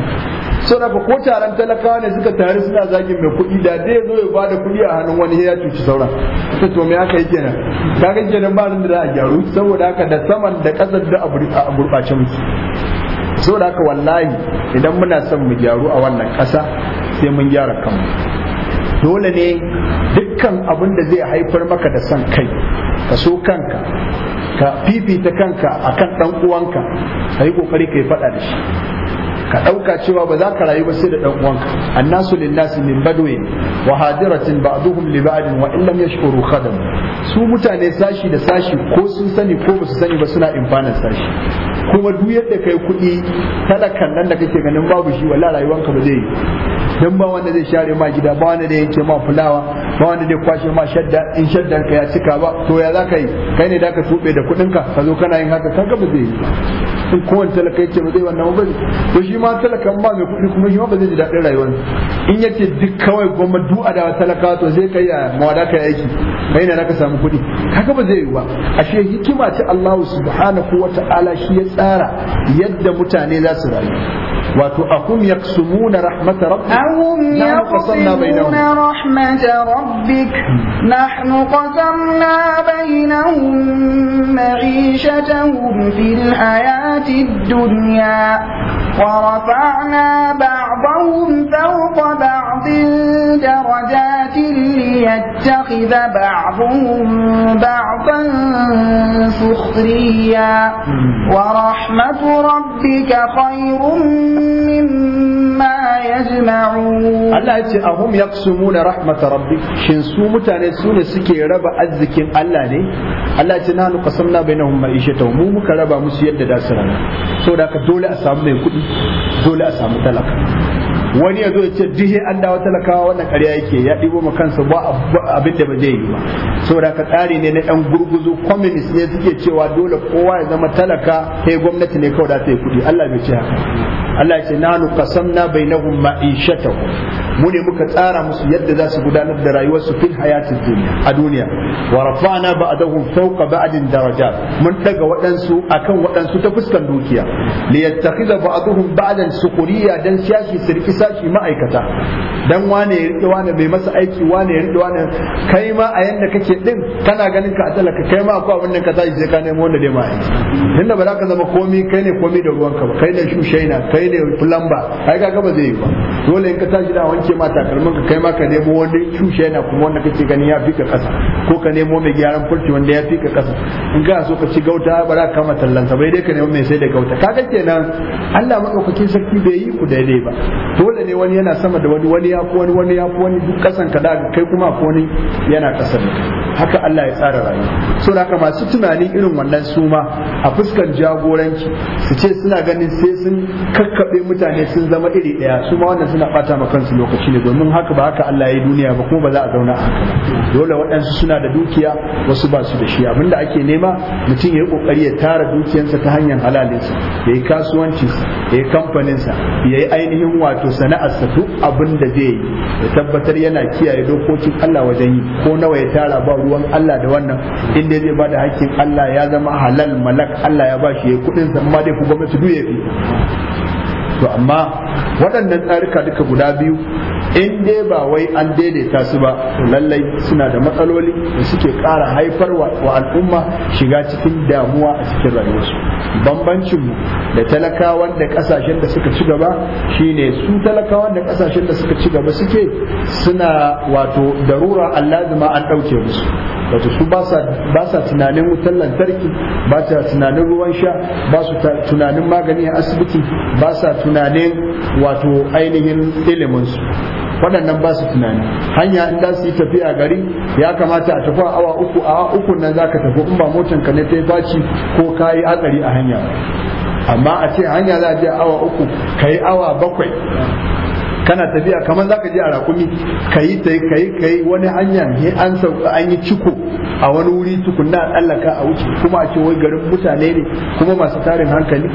so da ko taron talakawa ne suka tare suna zagin mai kuɗi da dai zo ya bada kuɗi a hannun wani ya cuci sauran to me aka yi kenan ga kenan ba da za a gyaru saboda haka da saman da ƙasar da a gurɓace musu so da haka wallahi idan muna son mu gyaru a wannan kasa. sai mun gyara kanmu dole ne dukkan abin da zai haifar maka da san kai ka so kanka ka fifita kanka akan dan uwanka ka yi kokari kai fada faɗa da shi ka ɗauka cewa ba za ka rayu ba sai da ɗan uwanka annasu lillahi min badwi wa hadiratin ba'duhum li ba'd wa illam yashkuru khadam su mutane sashi da sashi ko sun sani ko ba su sani ba suna imfanar sashi kuma duk yadda kai kuɗi talakan nan da kake ganin babu shi wallahi rayuwanka ba zai yi dan ba wanda zai share ma gida ba wanda zai yake ma fulawa ba wanda zai kwashe ma shadda in shaddan ka ya cika ba to ya za ka yi kai ne da ka tuɓe da kuɗin ka ka zo kana yin haka kaga ba zai yi in kowane talaka yake ba zai wannan ba to shi ma talakan ba mai kuɗi kuma shi ma ba zai ji daɗin rayuwar in yace duk kawai goma du da talaka to zai kai ya ah, mawada ka aiki kai ne ka samu kuɗi kaga ba zai yi ba ashe hikima ce Allah subhanahu wata'ala shi ya tsara yadda mutane za su rayu wato akum yaksumuna rahmata rabbihim ahum yaqsimuna rahmata ربك نحن قسمنا بينهم معيشتهم في الحياة الدنيا ورفعنا بعضهم فوق بعض درجات ليتخذ بعضهم بعضا سخريا ورحمة ربك خير مما ma yajma'u Allah ya ce ahum yaqsumuna rahmat rabbi shin su mutane su ne suke raba arzikin Allah ne Allah ya ce na nu qasamna bainahum ma'ishatahum mu muka raba musu yadda da sanan so da ka dole a samu mai kuɗi dole a samu talaka wani ya zo ya ce dihe an dawo talakawa wannan karya yake ya ɗibo ma kansa ba abin da ba zai yi ba saboda ka tsari ne na ɗan gurguzu communist ne suke cewa dole kowa ya zama talaka kai gwamnati ne kawai da ta yi kuɗi Allah bai ce haka Allah ya ce nanu qasamna bainahum ma'ishatahum mu ne muka tsara musu yadda za su gudanar da rayuwarsu fil hayati duniya a duniya wa rafa'na ba fawqa ba'din darajat mun daga waɗansu akan waɗansu ta fuskan dukiya li yattakhidha ba'dahum ba'dan sukhriya dan siyasi sirki sashi ma'aikata dan wane ya rike wane bai masa aiki wane ya rike wane kai ma a yanda kake din kana ganin ka a talaka kai ma akwai abin da ka tashi sai ka nemo wanda dai ma aiki tunda ba za ka zama komi kai ne komi da ruwanka ba kai ne shushaina kai ne plumber ai ga ba zai yi ba dole in ka tashi da wanke ma takalmin ka kai ma ka nemo wanda shushaina kuma wanda kake gani ya fi ka kasa ko ka nemo mai gyaran furci wanda ya fi ka kasa in ka so ka ci gauta ba za ka kama sa, bai dai ka nemo mai sai da gauta kaga kenan Allah madaukakin sarki bai yi ku daidai ba to dole ne wani yana sama da wani wani ya fi wani wani ya fi wani duk kasan ka da kai kuma ko wani yana kasan haka Allah ya tsara rayuwa so haka masu tunanin irin wannan suma a fuskan jagoranci su ce suna ganin sai sun kakkaɓe mutane sun zama iri ɗaya su ma wannan suna bata ma kansu lokaci ne domin haka ba haka Allah ya yi duniya ba kuma ba za a zauna a haka dole waɗansu suna da dukiya wasu ba su da shi abinda ake nema mutum ya yi ƙoƙari ya tara dukiyarsa ta hanyar halalinsa ya yi kasuwancinsa ya yi kamfaninsa ya yi ainihin wato sana'arsa duk abin da zai yi ya tabbatar yana kiyaye dokokin Allah wajen yi ko nawa ya tara ba ruwan Allah da wannan in dai zai bada hakkin Allah ya zama halal malak Allah ya ba shi ya kudin sa amma dai ku gwamnati duye ya fi to amma waɗannan tsarika duka guda biyu in dai ba wai an daidaita su ba to lallai suna da matsaloli da suke ƙara haifar wa al'umma shiga cikin damuwa a cikin rayuwarsu bambancin mu da talakawan da kasashen da suka ci gaba shine su talakawan da kasashen da suka ci gaba suke suna wato darura allazima an ɗauke musu wato su ba sa tunanin wutar lantarki ba sa tunanin ruwan sha ba su tunanin magani a asibiti ba sa tunanin wato ainihin iliminsu waɗannan ba su tunani hanya in za su yi tafiya gari ya kamata a tafi awa uku awa uku nan za ka tafi in ba motan ka ne ta baci ko ka yi hatsari a hanya amma a ce hanya za a je awa uku ka yi awa bakwai kana tafiya kamar zaka je a rakumi ka yi kai kai wani hanya ne an sauka an yi ciko a wani wuri tukunna a tsallaka a wuce kuma a ce wai garin mutane ne kuma masu tarin hankali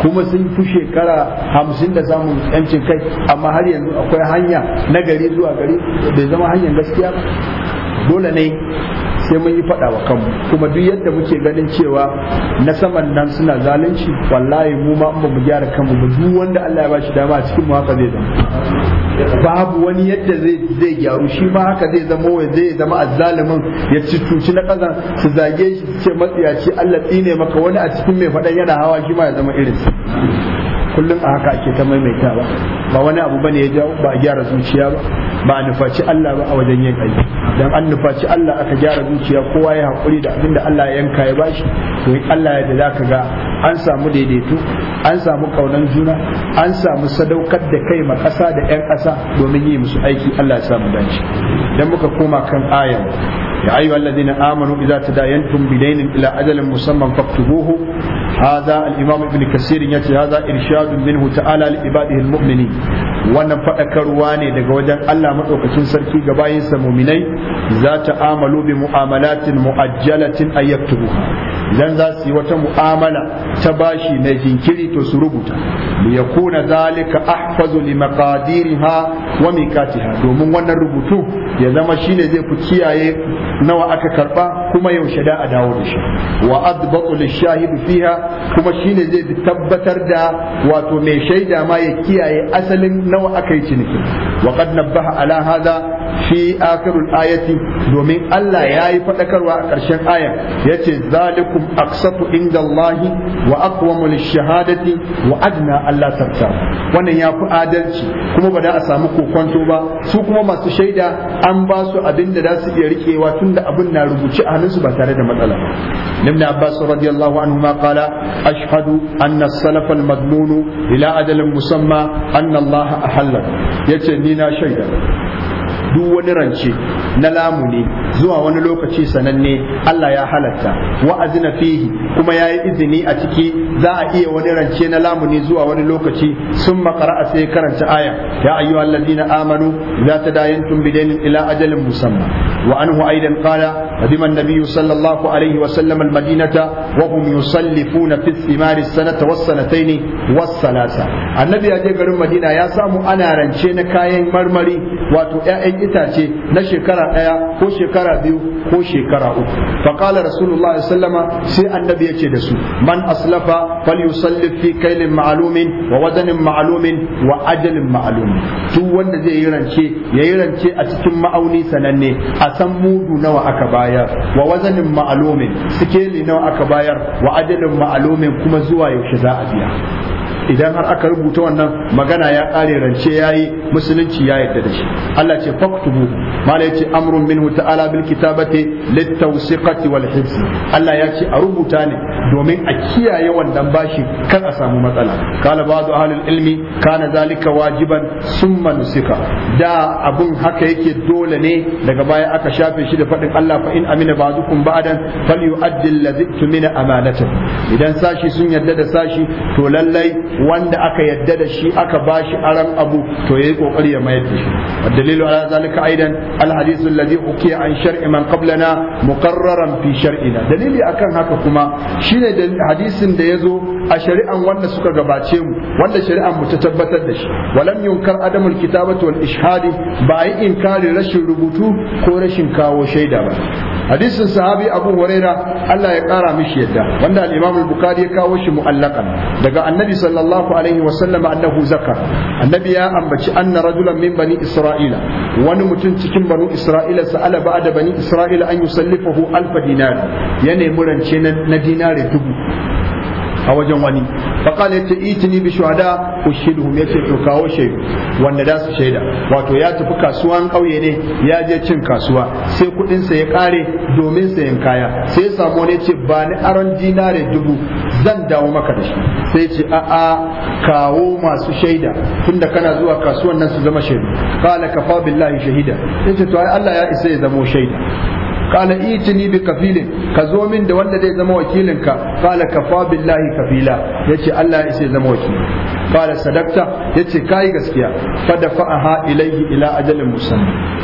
kuma sun fi shekara hamsin da samun yancin kai amma har yanzu akwai hanya na gari zuwa gari bai zama hanyar gaskiya dole ne sai mun yi faɗa wa kanmu kuma duk yadda muke ganin cewa na saman nan suna zalunci wallahi mu ma ba mu gyara kanmu ba duk wanda Allah ya bashi dama a cikin mu haka zai zama babu wani yadda zai zai gyaru shi ma haka zai zama wai zai zama azzalimin ya ci tuci na kaza su zage shi ce matsiyaci Allah tsine maka wani a cikin mai faɗan yana hawa shi ma ya zama irin. kullum a haka ake ta maimaita ba ba wani abu bane ya jawo ba a gyara zuciya ba ba a nufaci Allah ba a wajen yin aiki dan an nufaci Allah aka gyara zuciya kowa ya hakuri da abin da Allah ya yanka ya bashi to in Allah ya da zaka ga an samu daidaito an samu kaunan juna an samu sadaukar da kai ma ƙasa da 'yan kasa domin yi musu aiki Allah ya samu dace dan muka koma kan ayan ya أيها الذين آمنوا إذا bidainin ila ajalin musamman مسمى فاكتبوه هذا الإمام ابن كثير يتي هذا إرشاد منه تعالى لعباده المؤمنين wannan faɗakarwa ne daga wajen Allah maɗaukacin sarki ga bayinsa muminai za ta amalu bi mu'amalatin mu'ajjalatin ayyaktubu idan za su yi wata mu'amala ta bashi mai jinkiri to su rubuta li yakuna zalika ahfazu li maqadiriha wa miqatiha domin wannan rubutu ya zama shine zai fi kiyaye nawa aka karɓa. kuma yaushe da a dawo da shi wa adbatu lishahid fiha kuma shine zai tabbatar da wato mai shaida ma ya kiyaye asalin nawa aka yi ciniki wa qad nabbaha ala hadha fi akhirul ayati domin Allah ya yi faɗakarwa a ƙarshen ayar yace zalikum aqsatu indallahi wa aqwamu lishahadati wa adna Allah tatta wannan ya fi adalci kuma ba da a samu kokonto ba su kuma masu shaida an ba su abin da za su iya rikewa tunda abin na rubuce a hannunsu ba tare da matsala ibn Abbas radiyallahu anhu ma qala ashhadu anna as-salaf al-madlun ila adalin musamma anna Allah ahalla yace ni na shaida duk wani rance na lamuni zuwa wani lokaci sananne Allah ya halatta wa azina fihi kuma yayi izini a ciki za a iya wani rance na lamuni zuwa wani lokaci sun makara sai karanta aya ya ayyuhal ladina amanu idza tadayantum bidainin ila ajalin musamma wa anhu aidan qala qadima an-nabiy sallallahu alaihi wa sallam al-madinata wa hum yusallifuna fi thimar sanata was sanatayn was salasa annabi ya je garin madina ya samu ana rance na kayan marmari wato ƴaƴan itace na shekara ɗaya ko shekara biyu ko shekara uku faƙalar rasulullah sallama sai annabi ya ce da su man aslafa falyusallif fi kailin ma'alumin wa wazanin ma'alumin wa ajalin ma'alumin duk wanda zai yi rance ya yi rance a cikin ma'auni sananne a san mudu nawa aka bayar wa wazanin ma'alumin sikeli nawa aka bayar wa ajalin ma'alumin kuma zuwa yaushe za a biya idan har aka rubuta wannan magana ya kare rance yayi musulunci ya yadda da shi Allah ce faktubu mala yace amrun minhu ta'ala bil kitabati litawsiqati wal hifz Allah ya ce a rubuta ne domin a kiyaye wannan bashi kan a samu matsala kala ba'du ahlul ilmi kana zalika wajiban summa nusika da abun haka yake dole ne daga baya aka shafe shi da faɗin Allah fa in amina ba'dukum ba'dan falyu'addi alladhi tumina amanatan idan sashi sun yarda da sashi to lallai wanda aka yadda da shi aka ba shi aran abu to yayi kokari ya mayar da shi dalilu ala zalika aidan al hadith alladhi ukiya an shar'i man qablana muqarraran fi shar'ina dalili akan haka kuma shine hadisin da yazo a shari'an wanda suka gabace mu wanda shari'an mu ta tabbatar da shi walam yunkar adamul kitabatu wal ishhadi ba yi inkari rashin rubutu ko rashin kawo shaida ba hadisin sahabi abu huraira Allah ya kara mishi yadda wanda al-imam al-bukhari ya kawo shi mu'allaqan daga annabi sallallahu sallallahu alaihi wa annahu zakar annabi ya ambaci anna rajulan min bani isra'ila wani mutum cikin bani isra'ila sa'ala ba'da bani isra'ila an yusallifahu alfa dinar ya nemi rance na dinare dubu a wajen wani faqala yace itini bi shuhada ya yace to kawo shaidu wanda da su shaida wato ya tafi kasuwan ƙauye ne ya je cin kasuwa sai kuɗin sa ya kare domin sayan kaya sai ya samu ne ce ba ni aron dinare dubu zan dawo maka da shi sai ce a a kawo masu shaida tunda kana zuwa kasuwan nan su zama shaidu qala kafa billahi shahida yace to ai Allah ya isa ya zama shaida qala itini bi kafilin ka zo min da wanda zai zama wakilinka ka kafa billahi kafila yace Allah ya isa zama wakili qala sadaqta yace yi gaskiya fa dafa'aha ilayhi ila ajalin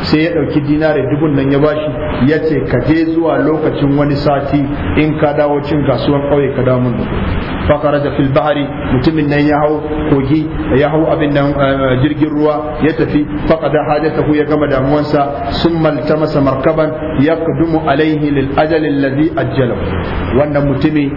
sai ya ɗauki dinare dubun nan ya bashi yace ka je zuwa lokacin wani sati in ka dawo cin kasuwan ƙauye ka dawo da fa da filbahari mutumin nan ya hau kogi ya hau abin nan jirgin ruwa ya tafi fa qada hajatahu ya gama damuwansa sun malta masa markaban ya yaqdumu alaihi lil ajal a jalau wannan mutumi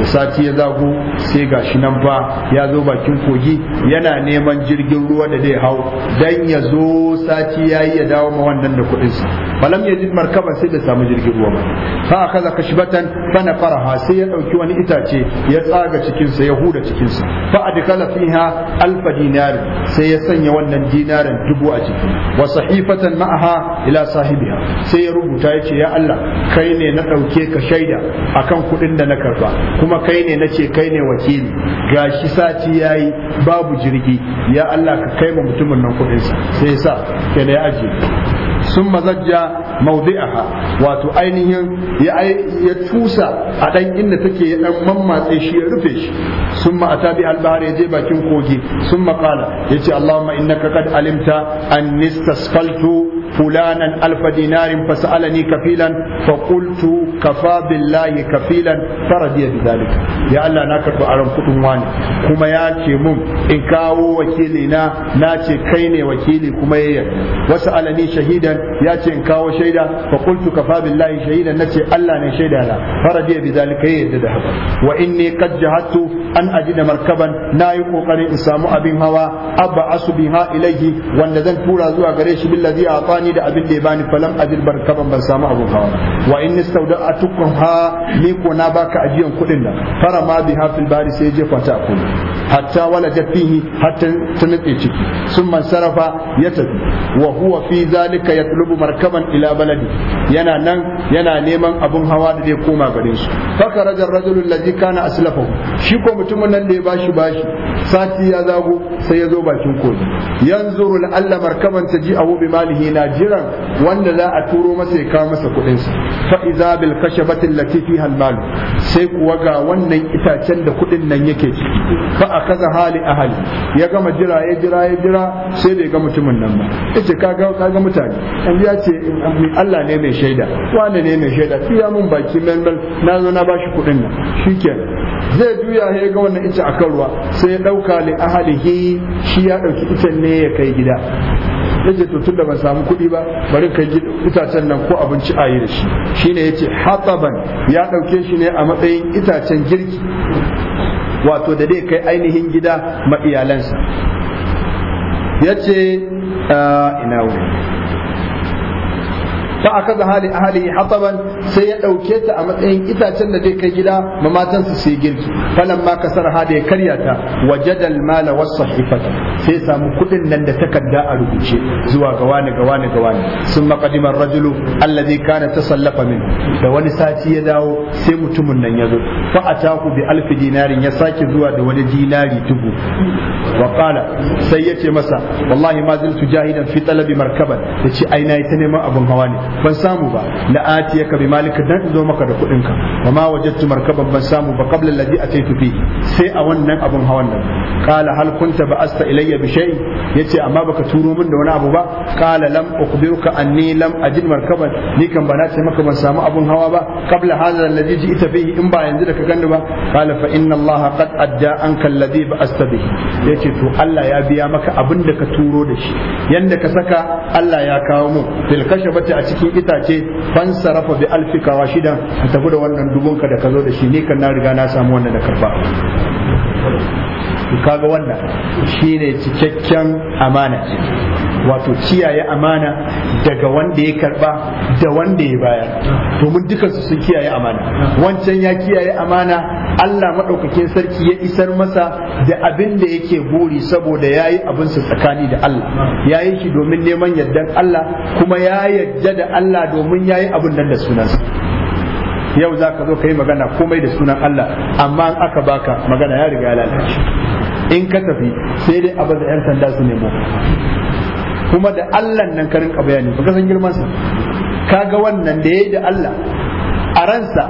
da sati ya zago sai ga shi nan fa ya zo bakin kogi yana neman jirgin ruwa da zai hau dan ya zo sati yayi ya dawo ma wannan da kuɗinsa falam yajid markaban sai da samu jirgin ruwa ba fa akaza kashbatan fa nafaraha sai ya dauki wani itace ya tsaga cikin sa ya huda cikin sa fa adkala fiha alf dinar sai ya sanya wannan dinarin dubu a ciki wa sahifatan ma'aha ila sahibiha sai ya rubuta yace ya Allah kai ne na dauke ka shaida akan kuɗin da na karba kuma kai ne na ce kai ne wakili gashi sati yayi babu jirgi ya Allah ka kai ma mutumin nan kuɗinsa sai ya sa kenan ya ajiye sun mazajja maudi'aha wato ainihin ya tusa a dan inda take ya dan mammatse shi ya rufe shi sun ma'ata bi albahar ya je bakin kogi sun maƙala ya ce Allahumma innaka qad alimta an nistasfaltu فلانا ألف دينار فسألني كفيلا فقلت كفى بالله كفيلا فرضي بذلك يا الله ناكر أرم كتم واني كما ياتي مم إن كاو وكيلنا ناتي كيني وكيلي كما وسألني شهيدا ياتي إن كاو شهيدا فقلت كفى بالله شهيدا نتي الله نشهد لا فرضي بذلك يدد وإني قد جهدت أن أجد مركبا لا يقوقني إسام أبي هوا أبعث بها إليه وأن ذن تورا زوا قريش بالذي أعطاني bani da abin da ya bani falam abin barkaban ban samu abin hawa wa in tukun ha ni ko na baka ajiyan kuɗin nan fara ma bi hafil bari sai je kwata a kullu hatta wala jafihi hatta ta nutse ciki sun man ya tafi wa huwa fi zalika yatlubu markaban ila baladi yana nan yana neman abun hawa da zai koma garin su faka rajar rajulun lazi kana aslafahu shi ko mutumin nan da ya bashi bashi sati ya zago sai ya zo bakin kogi yanzu la'alla markaban ji abu bi malihi na jiran wanda za a turo masa ya kawo masa kuɗin sa fa iza bil kashabati allati fiha al mal sai kuwa ga wannan itacen da kuɗin nan yake ciki, fa akaza hali ahli ya gama jira ya jira ya jira sai bai ga mutumin nan ba yace ka kaga mutane an ya ce Allah ne mai shaida wanda ne mai shaida ya mun baki membal na zo na bashi kuɗin nan shikenan zai juya ya ga wannan ita akan ruwa sai ya dauka li ahlihi shi ya dauki ita ne ya kai gida yace to tunda ban samu kuɗi ba bari kai itacen nan ko abinci a yi da shi shine yace hataban ya dauke shi ne a matsayin itacen girki wato da dai kai ainihin gida ma iyalansa yace ah, ina wuri fa akaza hali ya hataban sai ya dauke ta a matsayin itacen da zai kai gida ma matan su sai girki falan ma kasar hada ya karya ta wajada al mala was sahifata sai samu kudin nan da takarda a rubuce zuwa ga wani ga wani ga wani sun maqadima ar-rajulu alladhi kana tasallafa min da wani sati ya dawo sai mutumin nan ya zo fa ataku bi alf dinarin ya sake zuwa da wani dinari tugu wa qala sai yace masa wallahi ma zaltu jahidan fi talabi markaban yace ai yi ta neman abun hawa ne ban samu ba la atiyaka bi malika dan zo maka da kuɗin ka wa ma wajadtu markaban ban samu ba qabla alladhi ataitu fi sai a wannan abun hawan nan qala hal kunta ba'asta ilayya bi shay yace amma baka turo min da wani abu ba qala lam ukhbiruka anni lam ajid markaban ni kan ba na ce maka ban samu abun hawa ba qabla hadha alladhi ji'ta bi in ba yanzu da ka gani ba qala fa inna allaha qad adda anka alladhi ba'asta bi. yace to Allah ya biya maka abin da ka turo da shi yanda ka saka Allah ya kawo mu ba kashabati a cikin cikin itace ban sarrafa bi alfi shida ka tafi da wannan dubunka da ka zo da shi ni kan na riga na samu wannan da karba to kaga wannan shine cikakken amana ce wato kiyaye amana daga wanda ya karba da wanda ya bayar domin dukansu sun kiyaye amana wancan ya kiyaye amana Allah maɗaukakin sarki ya isar masa da abin da yake buri saboda ya yi abinsa tsakani da Allah ya yi shi domin neman yardan Allah kuma ya yarda da Allah domin ya yi abin nan da sunansa yau za ka zo ka yi magana komai da sunan Allah amma aka baka magana ya riga ya lalace in ka tafi sai dai a da 'yan sanda su nemo kuma da Allah nan karin ka bayani ba san girman sa kaga wannan da yayi da Allah a ransa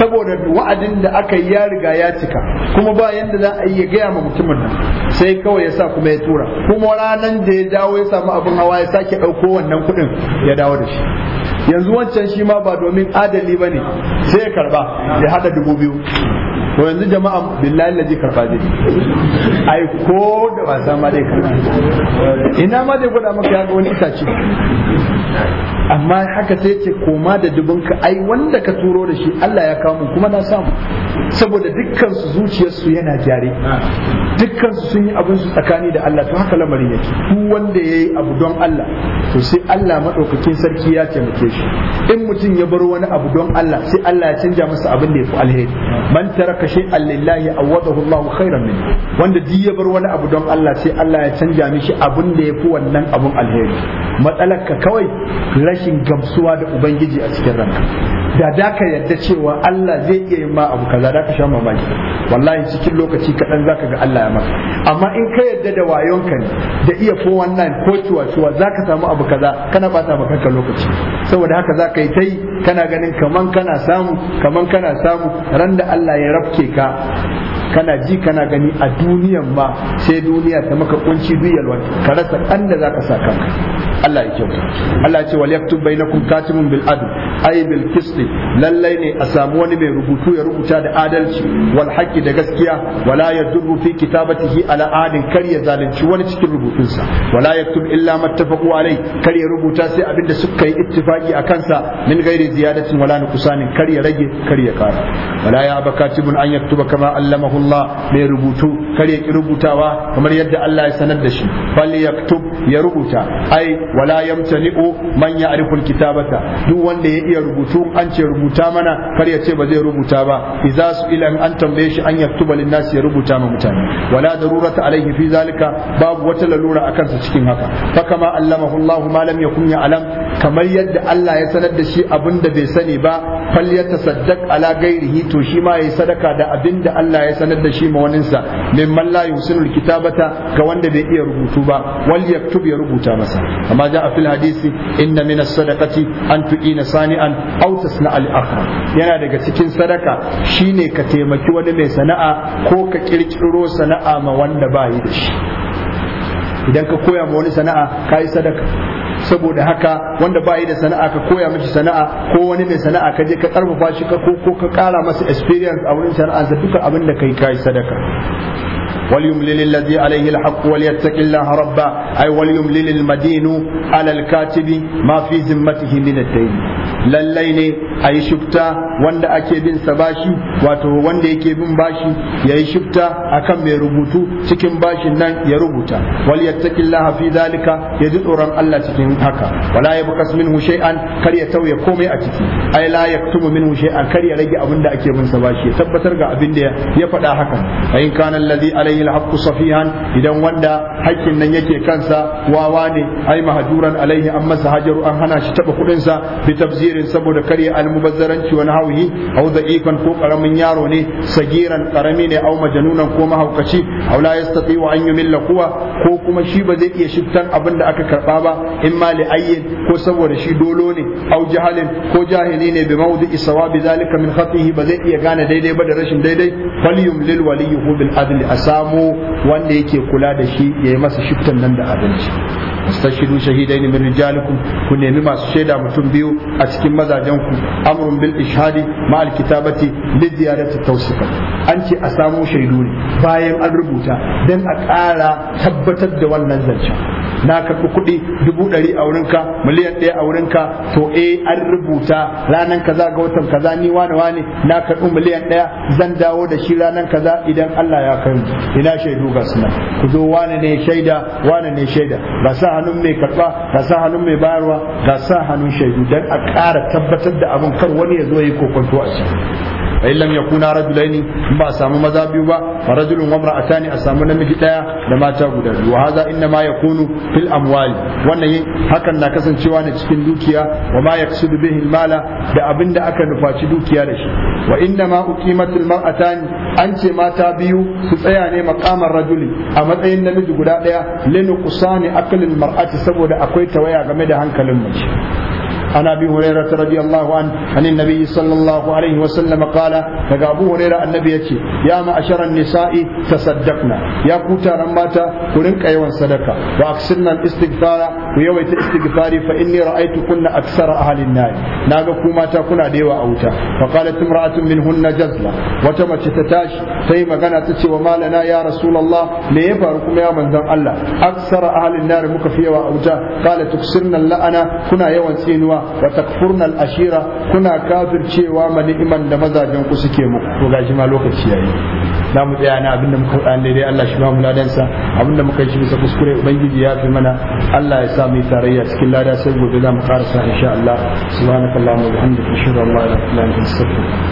saboda wa'adin da aka yi ya riga ya cika kuma ba yanda za a yi ya gaya ma mutumin nan sai kawai ya sa kuma ya tura kuma ranan da ya dawo ya samu abin hawa ya sake ɗauko wannan kuɗin ya dawo da shi yanzu wancan shi ma ba domin adali ba ne sai ya karba ya haɗa dubu biyu to yanzu jama'a billahi laji karba dai ai ko da wasa ma dai karba ina ma dai gwada maka ya ga wani itace amma haka sai ce koma da dubinka ai wanda ka turo da shi Allah ya kawo kuma na samu saboda dukkan su zuciyarsu yana jare dukkan su sun yi abin su tsakani da Allah to haka lamarin yake ku wanda yayi abu don Allah to sai Allah madaukakin sarki ya taimake shi in mutum ya bar wani abu don Allah sai Allah ya canja masa abin da yafi alheri man taraka taraka shay'an lillahi awadahu Allahu khairan min wanda duk ya bar wani abu don Allah sai Allah ya canja mishi abin da ya fi wannan abun alheri matsalar ka kawai rashin gamsuwa da ubangiji a cikin ranka da da ka yadda cewa Allah zai iya yin ma abu kaza da ka sha mamaki wallahi cikin lokaci kaɗan zaka ga Allah ya maka amma in ka yadda da wayonka ne da iya ko wannan ko ciwa ciwa zaka samu abu kaza kana bata maka kanka lokaci saboda haka zaka yi ta kana ganin kaman kana samu kaman kana samu ran da Allah ya rafke ka kana ji kana gani a duniyan ma sai duniya ta maka kunci duyalwa ka rasa kan da zaka sa kanka Allah ya kyauta Allah ya ce wal yaktub bainakum katimun bil adl ay bil qist lallai ne a samu wani mai rubutu ya rubuta da adalci wal haqqi da gaskiya wala yadurru fi kitabatihi ala adin kar ya zalunci wani cikin rubutunsa wala yaktub illa mattafaqu alai kar ya rubuta sai abinda suka yi ittifaki a kansa min gairi ziyadatin wala nuqsanin kar ya rage kar ya kara wala ya abakatibun an yaktuba kama allamahu rahimahullah mai rubutu kare ki rubutawa kamar yadda Allah ya sanar da shi fal yaktub ya rubuta ai wala yamtani'u man ya'rifu alkitabata duk wanda ya iya rubutu an ce rubuta mana kar ya ce ba zai rubuta ba idza su ila an tambaye shi an yaktuba linnas ya rubuta ma mutane wala darurata alaihi fi zalika babu wata lalura akan sa cikin haka fa kama allamahu Allah ma lam yakun ya'lam kamar yadda Allah ya sanar da shi abin da bai sani ba fal ya tasaddaq ala ghairihi to shi ma yayi sadaka da abin da Allah ya sanar da shi ma waninsa mimman la yusinul kitabata ga wanda bai iya rubutu ba wal yaktub ya rubuta masa amma ja fil hadisi inna min as-sadaqati an tu'ina sani'an aw tasna al akhar yana daga cikin sadaka shine ka taimaki wani mai sana'a ko ka kirkiro sana'a ma wanda ba yi da shi idan ka koya ma wani sana'a ka yi sadaka saboda haka wanda ba yi da sana'a ka koya mishi sana'a ko wani mai sana'a ka je ka karfafa shi ka ko ka kara masa experience a wurin sana'arsa duka abin da kai kai sadaka وليملل الذي عليه الحق وليتق الله ربه أي وليملل المدين على الكاتب ما في ذمته من الدين lallai ne a yi shifta wanda ake bin sa bashi wato wanda yake bin bashi ya yi shifta akan mai rubutu cikin bashin nan ya rubuta wal yattaqillah fi zalika ya ji tsoron Allah cikin haka wala yabqas minhu shay'an kar ya tauye komai a ciki ai la min minhu shay'an kar ya rage abin da ake bin sa bashi ya tabbatar ga abin da ya faɗa haka ayin kana alladhi alayhi alaihi alhaqqu safihan idan wanda hakkin nan yake kansa wawa ne ai mahjuran alaihi an masa hajaru an hana shi taba kudin sa bi tabzirin saboda kare almubazzaranci wa nahwihi aw da'ifan ko karamin yaro ne sagiran karami ne aw majanunan ko mahaukaci aw la yastati wa an yumilla kuwa ko kuma shi ba zai iya shiftan abin da aka karba ba in ma li ayyin ko saboda shi dolo ne aw jahalin ko jahili ne bi mawdi'i sawabi zalika min khatihi ba zai iya gane daidai ba da rashin daidai falyum lil waliyyi bil adli asam samu wanda yake kula da shi ya yi masa shiftan nan da abinci mustashidu shahidaini min rijalikum ku nemi masu shaida mutum biyu a cikin mazajen ku amrun bil ishadi ma al kitabati li ziyarati tawsifa an ce a samo shaidu ne bayan an rubuta dan a ƙara tabbatar da wannan zancen na karɓi kuɗi dubu ɗari a wurinka miliyan ɗaya a wurinka to eh an rubuta ranan kaza ga watan kaza ni wane wane na karɓi miliyan ɗaya zan dawo da shi ranan kaza idan Allah ya kai ina shaidu ga suna ku zo wane ne shaida wane ne shaida ga sa hannun mai karɓa ga sa hannun mai bayarwa ga sa hannun shaidu dan a ƙara tabbatar da abin kar wani ya zo ya yi kokonto a ciki in lam yakuna rajulaini in ba a samu maza biyu ba fa rajulun wa imra'atani a samu namiji daya da mata guda biyu hadha inna ma yakunu fil amwali wannan hakan na kasancewa ne cikin dukiya wa ma yaksudu bihi mala da abinda aka nufaci dukiya da shi wa inna ma uqimatul mar'atani an ce mata biyu su tsaya ne maqamar rajuli a matsayin namiji guda daya linu qusani aqlil mar'ati saboda akwai tawaya game da hankalin mace عن ابي هريره رضي الله عنه عن النبي صلى الله عليه وسلم قال daga abu huraira annabi ce ya ma'asharan nisa'i tasaddaqna ya kuta ran mata ku rinka yawan sadaka wa aksirna istighfara ku yawaita istighfari fa inni ra'aytu kunna aksara na nar naga ku mata kuna da yawa a wuta fa qalat imra'atun minhunna jazla wata mace ta tashi ta yi magana ta ce wa malana ya rasulullah me ya faru kuma ya manzon Allah aksara ahlin nar muka fi yawa a wuta qala tuksirna la'ana kuna yawan tsinuwa wa takfurna al-ashira kuna kafircewa ma ni'iman da mazajen ku suke mu. to gashi ma lokaci yayi za mu tsaya na abinda muka faɗa daidai Allah shi ba mu ladansa abinda muka yi shi bisa kuskure ubangiji ya fi mana Allah ya sa mu tarayya cikin lada sai gobe za mu karasa insha Allah subhanakallahumma wa bihamdika ashhadu an la ilaha illa